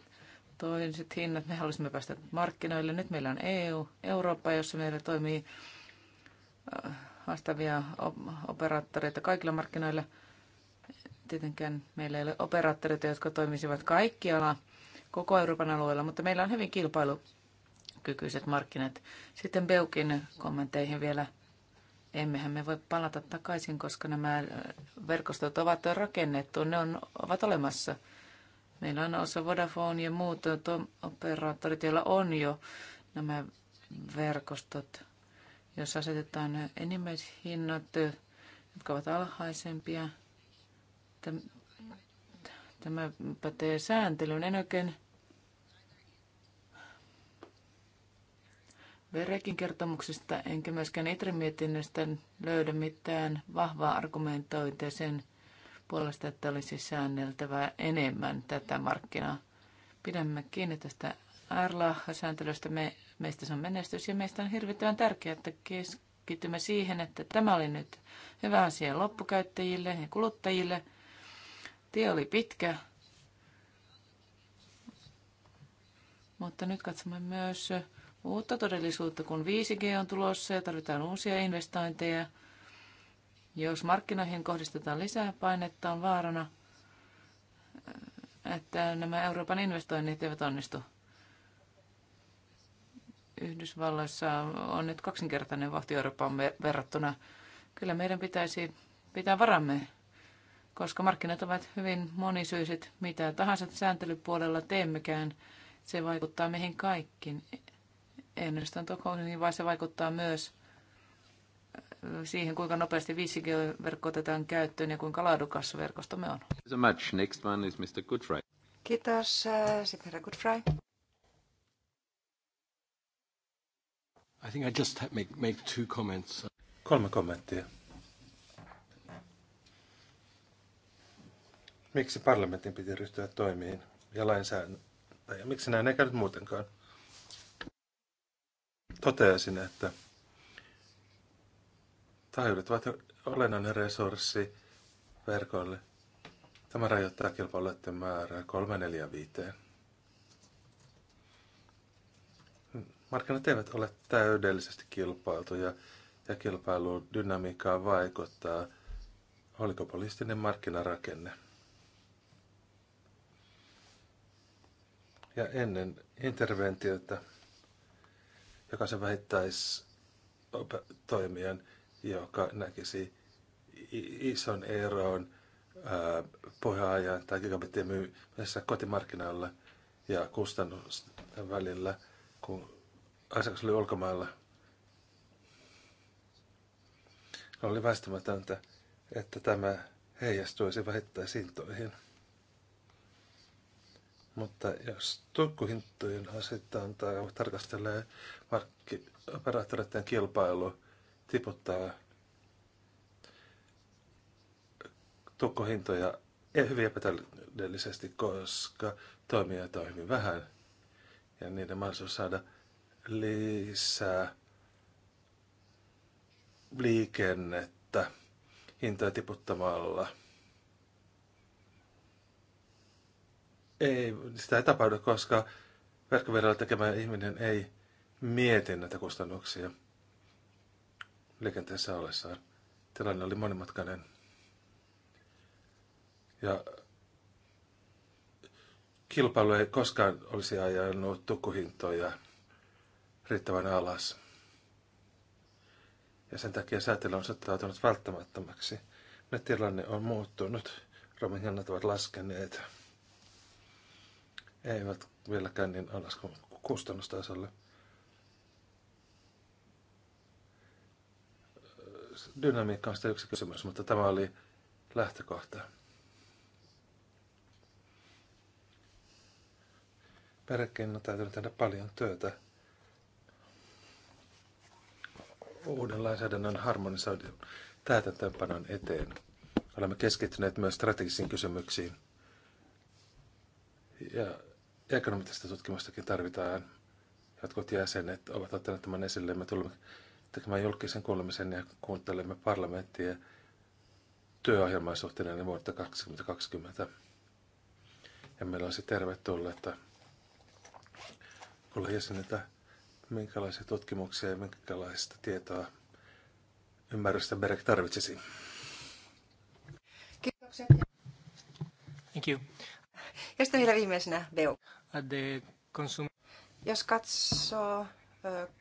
toiset hinnat, me halusimme päästä markkinoille. Nyt meillä on EU, Eurooppa, jossa meillä toimii eh, haastavia operaattoreita kaikilla markkinoilla. Tietenkään meillä ei ole operaattoreita, jotka toimisivat kaikkialla koko Euroopan alueella, mutta meillä on hyvin kilpailukykyiset markkinat. Sitten Beukin kommentteihin vielä. Emmehän me voi palata takaisin, koska nämä verkostot ovat rakennettu, ne on, ovat olemassa. Meillä on osa Vodafone ja muut operaattorit, joilla on jo nämä verkostot jos asetetaan enimmäishinnat, jotka ovat alhaisempia. Tämä pätee sääntelyyn. En oikein Verekin kertomuksesta enkä myöskään Itren mietinnöstä löydä mitään vahvaa argumentointia sen puolesta, että olisi säänneltävää enemmän tätä markkinaa. Pidämme kiinni tästä RLA-sääntelystä. Me Meistä se on menestys ja meistä on hirvittävän tärkeää, että keskitymme siihen, että tämä oli nyt hyvä asia loppukäyttäjille ja kuluttajille. Tie oli pitkä, mutta nyt katsomme myös uutta todellisuutta, kun 5G on tulossa ja tarvitaan uusia investointeja. Jos markkinoihin kohdistetaan lisää painetta, on vaarana, että nämä Euroopan investoinnit eivät onnistu. Yhdysvalloissa on nyt kaksinkertainen vahti Euroopan verrattuna. Kyllä meidän pitäisi pitää varamme, koska markkinat ovat hyvin monisyiset. Mitä tahansa sääntelypuolella teemmekään, se vaikuttaa meihin kaikkiin. Ennustan ainoastaan Tukholmiin, vaan se vaikuttaa myös äh, siihen, kuinka nopeasti 5G-verkko otetaan käyttöön ja kuinka laadukas verkostomme on. Next is Mr. Kiitos. Äh, Sipherra Goodfry. Goodfrey. I think I just make, make two comments. Kolme kommenttia. Miksi parlamentin piti ryhtyä toimiin ja lainsäädäntöön? Ja Miksi näin ei käynyt muutenkaan? Toteaisin, että taajuudet ovat olennainen resurssi verkoille. Tämä rajoittaa kilpailuiden määrää 3, 4, 5. Markkinat eivät ole täydellisesti kilpailtuja ja kilpailun dynamiikkaa vaikuttaa oligopolistinen markkinarakenne. Ja ennen interventiota jokaisen vähittäisi toimijan, joka näkisi ison eron pohjaajan tai gigabittien myymisessä kotimarkkinoilla ja kustannusten välillä, kun Isaacs oli ulkomailla. Oli väistämätöntä, että tämä heijastuisi vähittäisintoihin. Mutta jos tukkuhintojen asettaan tai tarkastelee markkioperaattoreiden kilpailu, tiputtaa tukkuhintoja hyvin epätäydellisesti, koska toimijoita on hyvin vähän ja niiden mahdollisuus saada lisää liikennettä hintaa tiputtamalla. Ei, sitä ei tapahdu, koska verkkoverolla tekemä ihminen ei mieti näitä kustannuksia liikenteessä ollessaan. Tilanne oli monimutkainen. Ja kilpailu ei koskaan olisi ajanut tukkuhintoja riittävän alas. Ja sen takia säätely on sattautunut välttämättömäksi. Nyt tilanne on muuttunut. Romin hinnat ovat laskeneet. Eivät vieläkään niin alas kuin kustannustasolle. Dynamiikka on sitä yksi kysymys, mutta tämä oli lähtökohta. Perkeen on täytynyt tehdä paljon työtä uuden lainsäädännön harmonisoidun täytäntöönpanon eteen. Olemme keskittyneet myös strategisiin kysymyksiin. Ja ekonomista tutkimustakin tarvitaan. Jotkut jäsenet ovat ottaneet tämän esille. Me tulemme tekemään julkisen kuulemisen ja kuuntelemme parlamenttia työohjelman suhteen ennen vuotta 2020. Ja meillä olisi tervetulleita kuulla jäseniltä minkälaisia tutkimuksia ja minkälaista tietoa ymmärrystä Berek tarvitsisi. Kiitokset. Thank you. Ja sitten vielä viimeisenä Beu. consum- Jos katsoo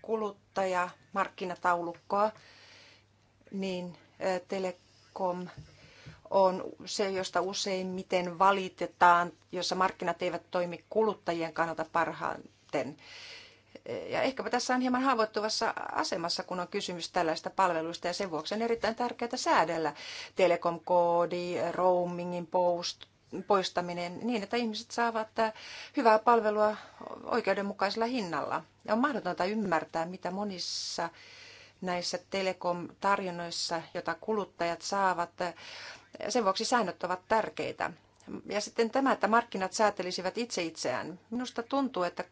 kuluttajamarkkinataulukkoa, niin telekom on se, josta useimmiten valitetaan, jossa markkinat eivät toimi kuluttajien kannalta parhaiten ja ehkäpä tässä on hieman haavoittuvassa asemassa, kun on kysymys tällaista palveluista ja sen vuoksi on erittäin tärkeää säädellä telekomkoodi, roamingin post, poistaminen niin, että ihmiset saavat äh, hyvää palvelua oikeudenmukaisella hinnalla. Ja on mahdotonta ymmärtää, mitä monissa näissä telekom-tarjonnoissa, joita kuluttajat saavat, äh, sen vuoksi säännöt ovat tärkeitä. Ja sitten tämä, että markkinat säätelisivät itse itseään. Minusta tuntuu, että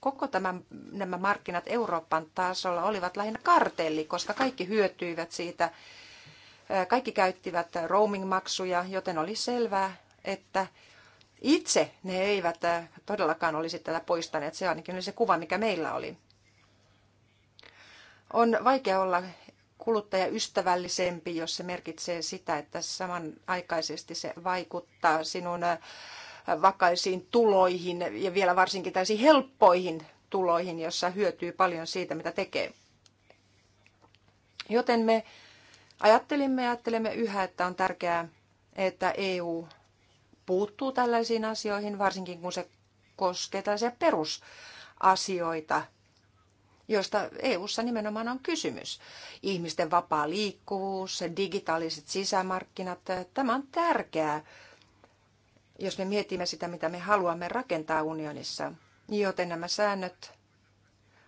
koko tämä, nämä markkinat Euroopan tasolla olivat lähinnä kartelli, koska kaikki hyötyivät siitä. Kaikki käyttivät roaming-maksuja, joten oli selvää, että itse ne eivät todellakaan olisi tätä poistaneet. Se ainakin oli se kuva, mikä meillä oli. On vaikea olla kuluttajaystävällisempi, jos se merkitsee sitä, että samanaikaisesti se vaikuttaa sinun vakaisiin tuloihin ja vielä varsinkin täysin helppoihin tuloihin, jossa hyötyy paljon siitä, mitä tekee. Joten me ajattelimme ja ajattelemme yhä, että on tärkeää, että EU puuttuu tällaisiin asioihin, varsinkin kun se koskee tällaisia perusasioita, joista EU:ssa nimenomaan on kysymys. Ihmisten vapaa liikkuvuus, digitaaliset sisämarkkinat, tämä on tärkeää jos me mietimme sitä, mitä me haluamme rakentaa unionissa. Joten nämä säännöt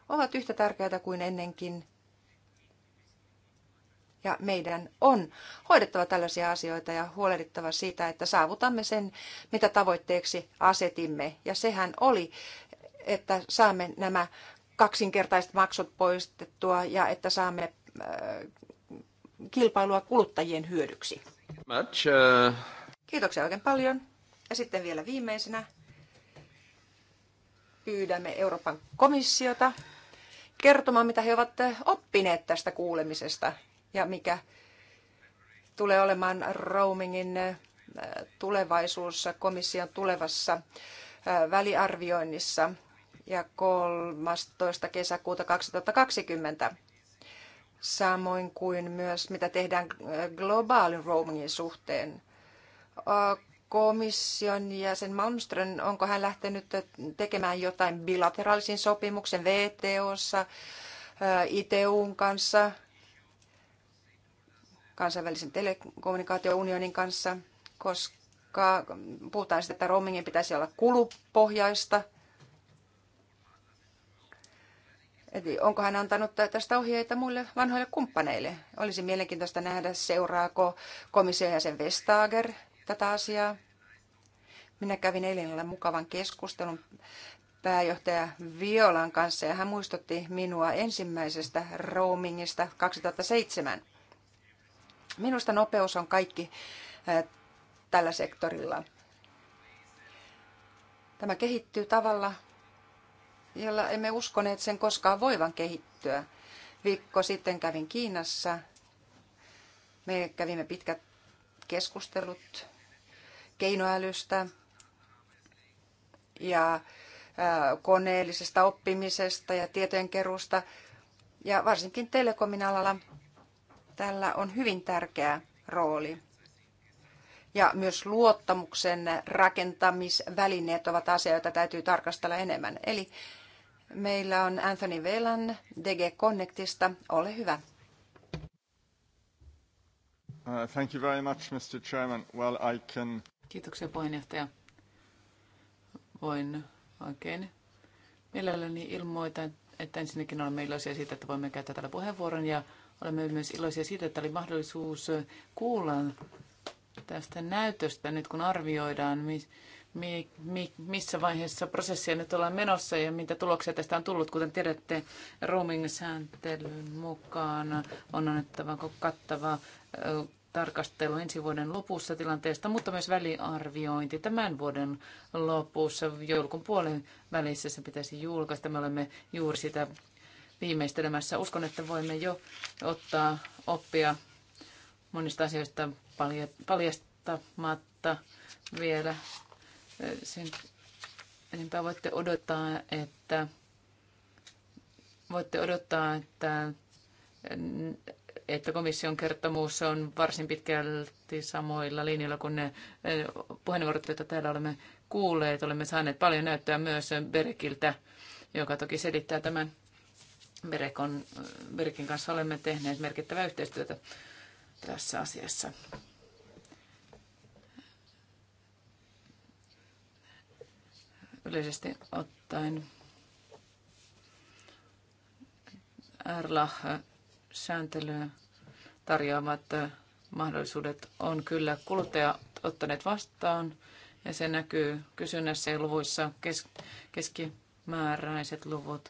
ovat yhtä tärkeitä kuin ennenkin. Ja meidän on hoidettava tällaisia asioita ja huolehdittava siitä, että saavutamme sen, mitä tavoitteeksi asetimme. Ja sehän oli, että saamme nämä kaksinkertaiset maksut poistettua ja että saamme äh, kilpailua kuluttajien hyödyksi. Much, äh. Kiitoksia oikein paljon. Ja sitten vielä viimeisenä pyydämme Euroopan komissiota kertomaan, mitä he ovat oppineet tästä kuulemisesta ja mikä tulee olemaan roamingin äh, tulevaisuus komission tulevassa äh, väliarvioinnissa ja 13. kesäkuuta 2020. Samoin kuin myös mitä tehdään äh, globaalin roamingin suhteen komission jäsen Malmström, onko hän lähtenyt tekemään jotain bilateraalisen sopimuksen VTOssa, ITUn kanssa, kansainvälisen telekommunikaatiounionin kanssa, koska puhutaan siitä, että roamingin pitäisi olla kulupohjaista. Eli onko hän antanut tästä ohjeita muille vanhoille kumppaneille? Olisi mielenkiintoista nähdä, seuraako komission jäsen Vestager tätä asiaa. Minä kävin eilen mukavan keskustelun pääjohtaja Violan kanssa ja hän muistutti minua ensimmäisestä roamingista 2007. Minusta nopeus on kaikki tällä sektorilla. Tämä kehittyy tavalla, jolla emme uskoneet sen koskaan voivan kehittyä. Viikko sitten kävin Kiinassa. Me kävimme pitkät keskustelut keinoälystä ja koneellisesta oppimisesta ja tietojenkeruusta. Ja varsinkin telekomin alalla tällä on hyvin tärkeä rooli. Ja myös luottamuksen rakentamisvälineet ovat asia, joita täytyy tarkastella enemmän. Eli meillä on Anthony Velan DG Connectista. Ole hyvä. Uh, thank you very much, Mr. Chairman. Well, I can... Kiitoksia puheenjohtaja. Voin oikein mielelläni ilmoita, että ensinnäkin olemme iloisia siitä, että voimme käyttää tällä puheenvuoron ja olemme myös iloisia siitä, että oli mahdollisuus kuulla tästä näytöstä nyt, kun arvioidaan, missä vaiheessa prosessia nyt ollaan menossa ja mitä tuloksia tästä on tullut. Kuten tiedätte, roaming-sääntelyn mukaan on annettava kattava tarkastelu ensi vuoden lopussa tilanteesta, mutta myös väliarviointi tämän vuoden lopussa. Joulukuun puolen välissä se pitäisi julkaista. Me olemme juuri sitä viimeistelemässä. Uskon, että voimme jo ottaa oppia monista asioista paljastamatta vielä. Sen enempää voitte odottaa, että voitte odottaa, että että komission kertomus on varsin pitkälti samoilla linjoilla kuin ne eh, puheenvuorot, joita täällä olemme kuulleet. Olemme saaneet paljon näyttää myös Berekiltä, joka toki selittää tämän. Berekon, eh, Berekin kanssa olemme tehneet merkittävää yhteistyötä tässä asiassa. Yleisesti ottaen Erlach eh, sääntelyä tarjoavat mahdollisuudet on kyllä kuluttaja ottaneet vastaan ja se näkyy kysynnässä ja luvuissa kes- keskimääräiset luvut.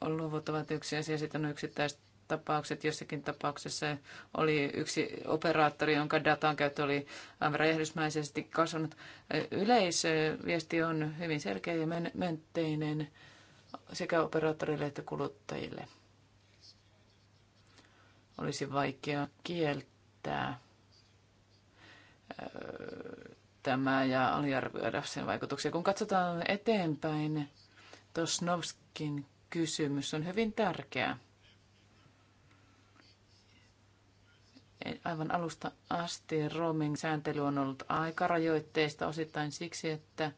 Luvut ovat yksi asia, sitten on yksittäiset tapaukset. Jossakin tapauksessa oli yksi operaattori, jonka datan käyttö oli aivan räjähdysmäisesti kasvanut. Yleisviesti on hyvin selkeä ja menteinen sekä operaattorille että kuluttajille olisi vaikea kieltää tämä ja aliarvioida sen vaikutuksia. Kun katsotaan eteenpäin, Tosnovskin kysymys on hyvin tärkeä. Aivan alusta asti roaming sääntely on ollut aika rajoitteista osittain siksi, että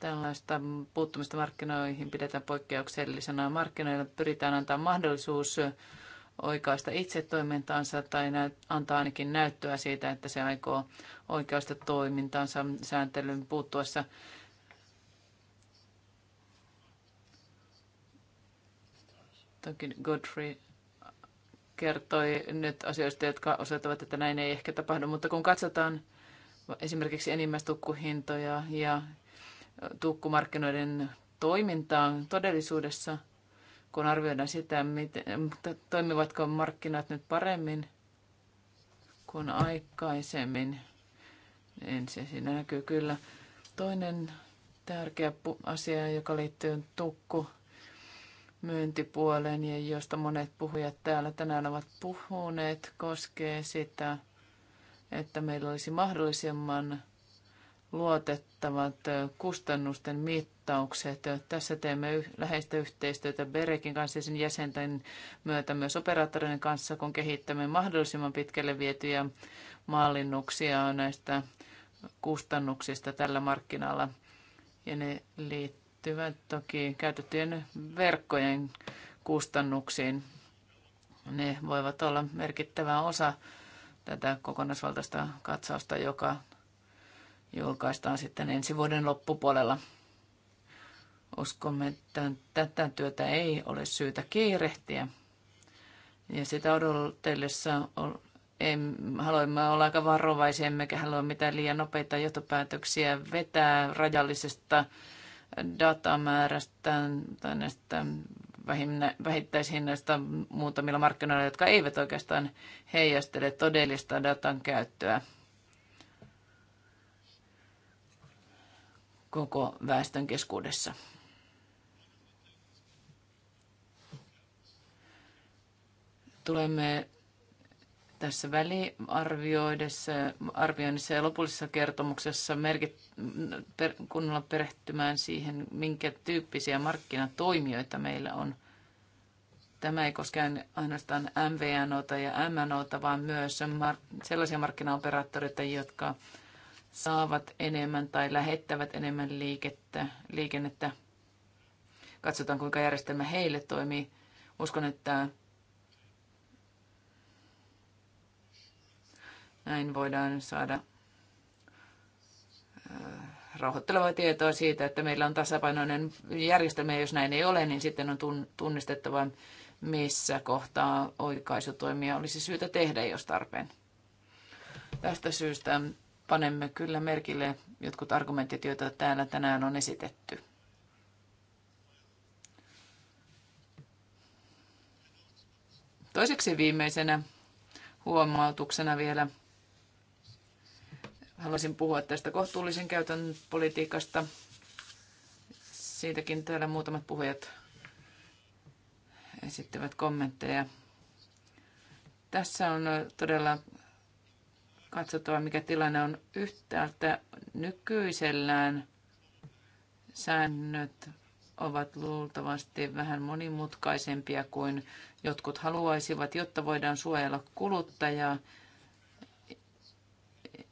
tällaista puuttumista markkinoihin pidetään poikkeuksellisena. Markkinoilla pyritään antaa mahdollisuus oikaista itse toimintaansa tai antaa ainakin näyttöä siitä, että se aikoo oikeasta toimintaansa sääntelyn puuttuessa. Toki Godfrey kertoi nyt asioista, jotka osoittavat, että näin ei ehkä tapahdu, mutta kun katsotaan esimerkiksi enimmäistukkuhintoja ja tukkumarkkinoiden toimintaa todellisuudessa – kun arvioidaan sitä, miten, mutta toimivatko markkinat nyt paremmin kuin aikaisemmin. niin se siinä näkyy kyllä. Toinen tärkeä asia, joka liittyy tukku myyntipuoleen ja josta monet puhujat täällä tänään ovat puhuneet, koskee sitä, että meillä olisi mahdollisimman luotettavat kustannusten mittaukset. Tässä teemme läheistä yhteistyötä Berekin kanssa ja sen jäsenten myötä myös operaattorien kanssa, kun kehittämme mahdollisimman pitkälle vietyjä mallinnuksia näistä kustannuksista tällä markkinalla. Ja ne liittyvät toki käytettyjen verkkojen kustannuksiin. Ne voivat olla merkittävä osa tätä kokonaisvaltaista katsausta, joka julkaistaan sitten ensi vuoden loppupuolella. Uskomme, että tätä työtä ei ole syytä kiirehtiä. Ja sitä odotellessa haluamme olla aika varovaisia, emmekä halua mitään liian nopeita johtopäätöksiä vetää rajallisesta datamäärästä tai näistä vähittäishinnoista muutamilla markkinoilla, jotka eivät oikeastaan heijastele todellista datan käyttöä. koko väestön keskuudessa. Tulemme tässä arvioinnissa ja lopullisessa kertomuksessa merkit, per, kunnolla perehtymään siihen, minkä tyyppisiä markkinatoimijoita meillä on. Tämä ei koske ainoastaan MVNOta ja MNOta, vaan myös sellaisia markkinaoperaattoreita, jotka saavat enemmän tai lähettävät enemmän liikettä, liikennettä. Katsotaan, kuinka järjestelmä heille toimii. Uskon, että näin voidaan saada rauhoittelevaa tietoa siitä, että meillä on tasapainoinen järjestelmä, jos näin ei ole, niin sitten on tunnistettava, missä kohtaa oikaisutoimia olisi syytä tehdä, jos tarpeen. Tästä syystä panemme kyllä merkille jotkut argumentit, joita täällä tänään on esitetty. Toiseksi viimeisenä huomautuksena vielä haluaisin puhua tästä kohtuullisen käytön politiikasta. Siitäkin täällä muutamat puhujat esittävät kommentteja. Tässä on todella Katsotaan mikä tilanne on yhtäältä nykyisellään. Säännöt ovat luultavasti vähän monimutkaisempia kuin jotkut haluaisivat, jotta voidaan suojella kuluttajaa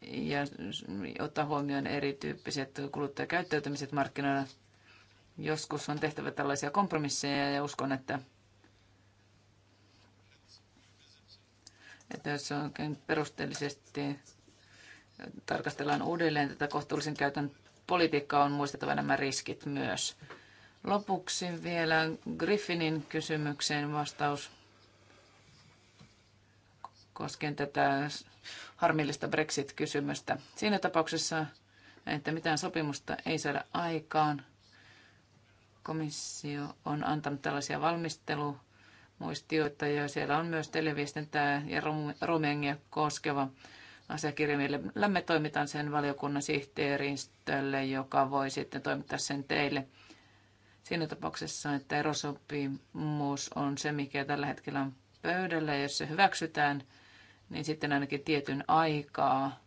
ja ottaa huomioon erityyppiset kuluttajakäyttäytymiset markkinoilla. Joskus on tehtävä tällaisia kompromisseja ja uskon, että että jos oikein perusteellisesti tarkastellaan uudelleen tätä kohtuullisen käytön politiikkaa, on muistettava nämä riskit myös. Lopuksi vielä Griffinin kysymykseen vastaus koskien tätä harmillista Brexit-kysymystä. Siinä tapauksessa, että mitään sopimusta ei saada aikaan, komissio on antanut tällaisia valmistelu muistioita ja siellä on myös televiestintää ja rumengia koskeva asiakirja, millä me toimitan sen valiokunnan sihteeristölle, joka voi sitten toimittaa sen teille. Siinä tapauksessa, että erosopimus on se, mikä tällä hetkellä on pöydällä, ja jos se hyväksytään, niin sitten ainakin tietyn aikaa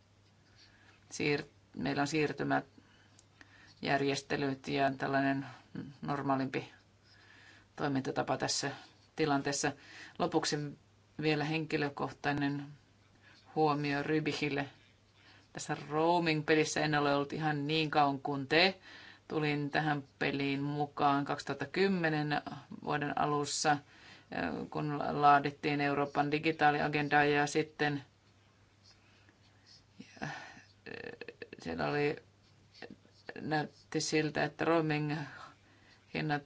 siir- meillä on järjestelyt ja tällainen normaalimpi toimintatapa tässä tilanteessa. Lopuksi vielä henkilökohtainen huomio Rybihille. Tässä roaming-pelissä en ole ollut ihan niin kauan kuin te. Tulin tähän peliin mukaan 2010 vuoden alussa, kun laadittiin Euroopan digitaaliagendaa ja sitten siellä oli näytti siltä, että roaming hinnat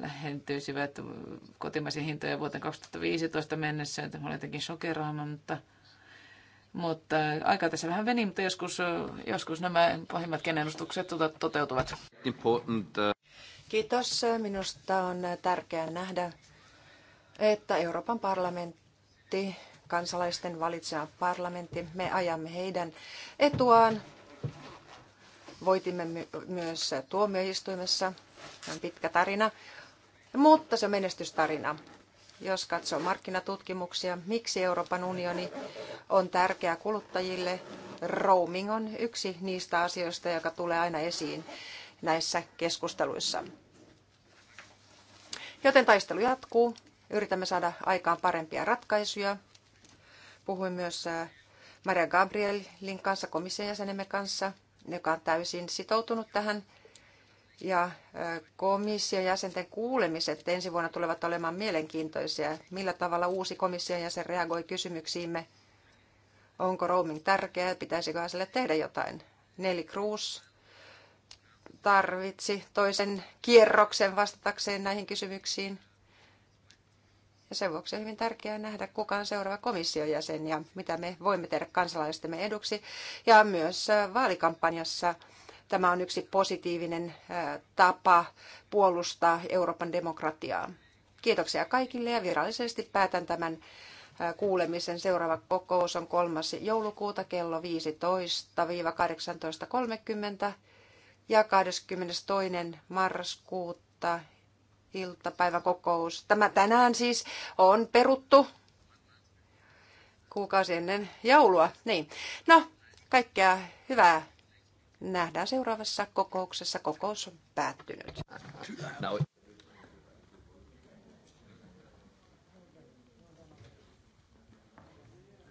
lähentyisivät kotimaisia hintoja vuoteen 2015 mennessä. Tämä oli jotenkin shokeraama, mutta, mutta aika tässä vähän veni, mutta joskus, joskus nämä pahimmatkin ennustukset tota, toteutuvat. Important. Kiitos. Minusta on tärkeää nähdä, että Euroopan parlamentti, kansalaisten valitsema parlamentti, me ajamme heidän etuaan. Voitimme my- myös tuomioistuimessa se on pitkä tarina, mutta se on menestystarina. Jos katsoo markkinatutkimuksia, miksi Euroopan unioni on tärkeä kuluttajille, roaming on yksi niistä asioista, joka tulee aina esiin näissä keskusteluissa. Joten taistelu jatkuu. Yritämme saada aikaan parempia ratkaisuja. Puhuin myös äh, Maria Gabrielin kanssa, komission jäsenemme kanssa, joka on täysin sitoutunut tähän ja komission jäsenten kuulemiset ensi vuonna tulevat olemaan mielenkiintoisia. Millä tavalla uusi komission jäsen reagoi kysymyksiimme? Onko roaming tärkeää? Pitäisikö sille tehdä jotain? Neli Cruz tarvitsi toisen kierroksen vastatakseen näihin kysymyksiin. Ja sen vuoksi on hyvin tärkeää nähdä, kuka on seuraava komission jäsen ja mitä me voimme tehdä kansalaistemme eduksi. Ja myös vaalikampanjassa Tämä on yksi positiivinen tapa puolustaa Euroopan demokratiaa. Kiitoksia kaikille ja virallisesti päätän tämän kuulemisen. Seuraava kokous on 3. joulukuuta kello 15-18.30 ja 22. marraskuuta iltapäivän kokous. Tämä tänään siis on peruttu kuukausi ennen joulua. Niin. No, kaikkea hyvää Nähdään seuraavassa kokouksessa. Kokous on päättynyt.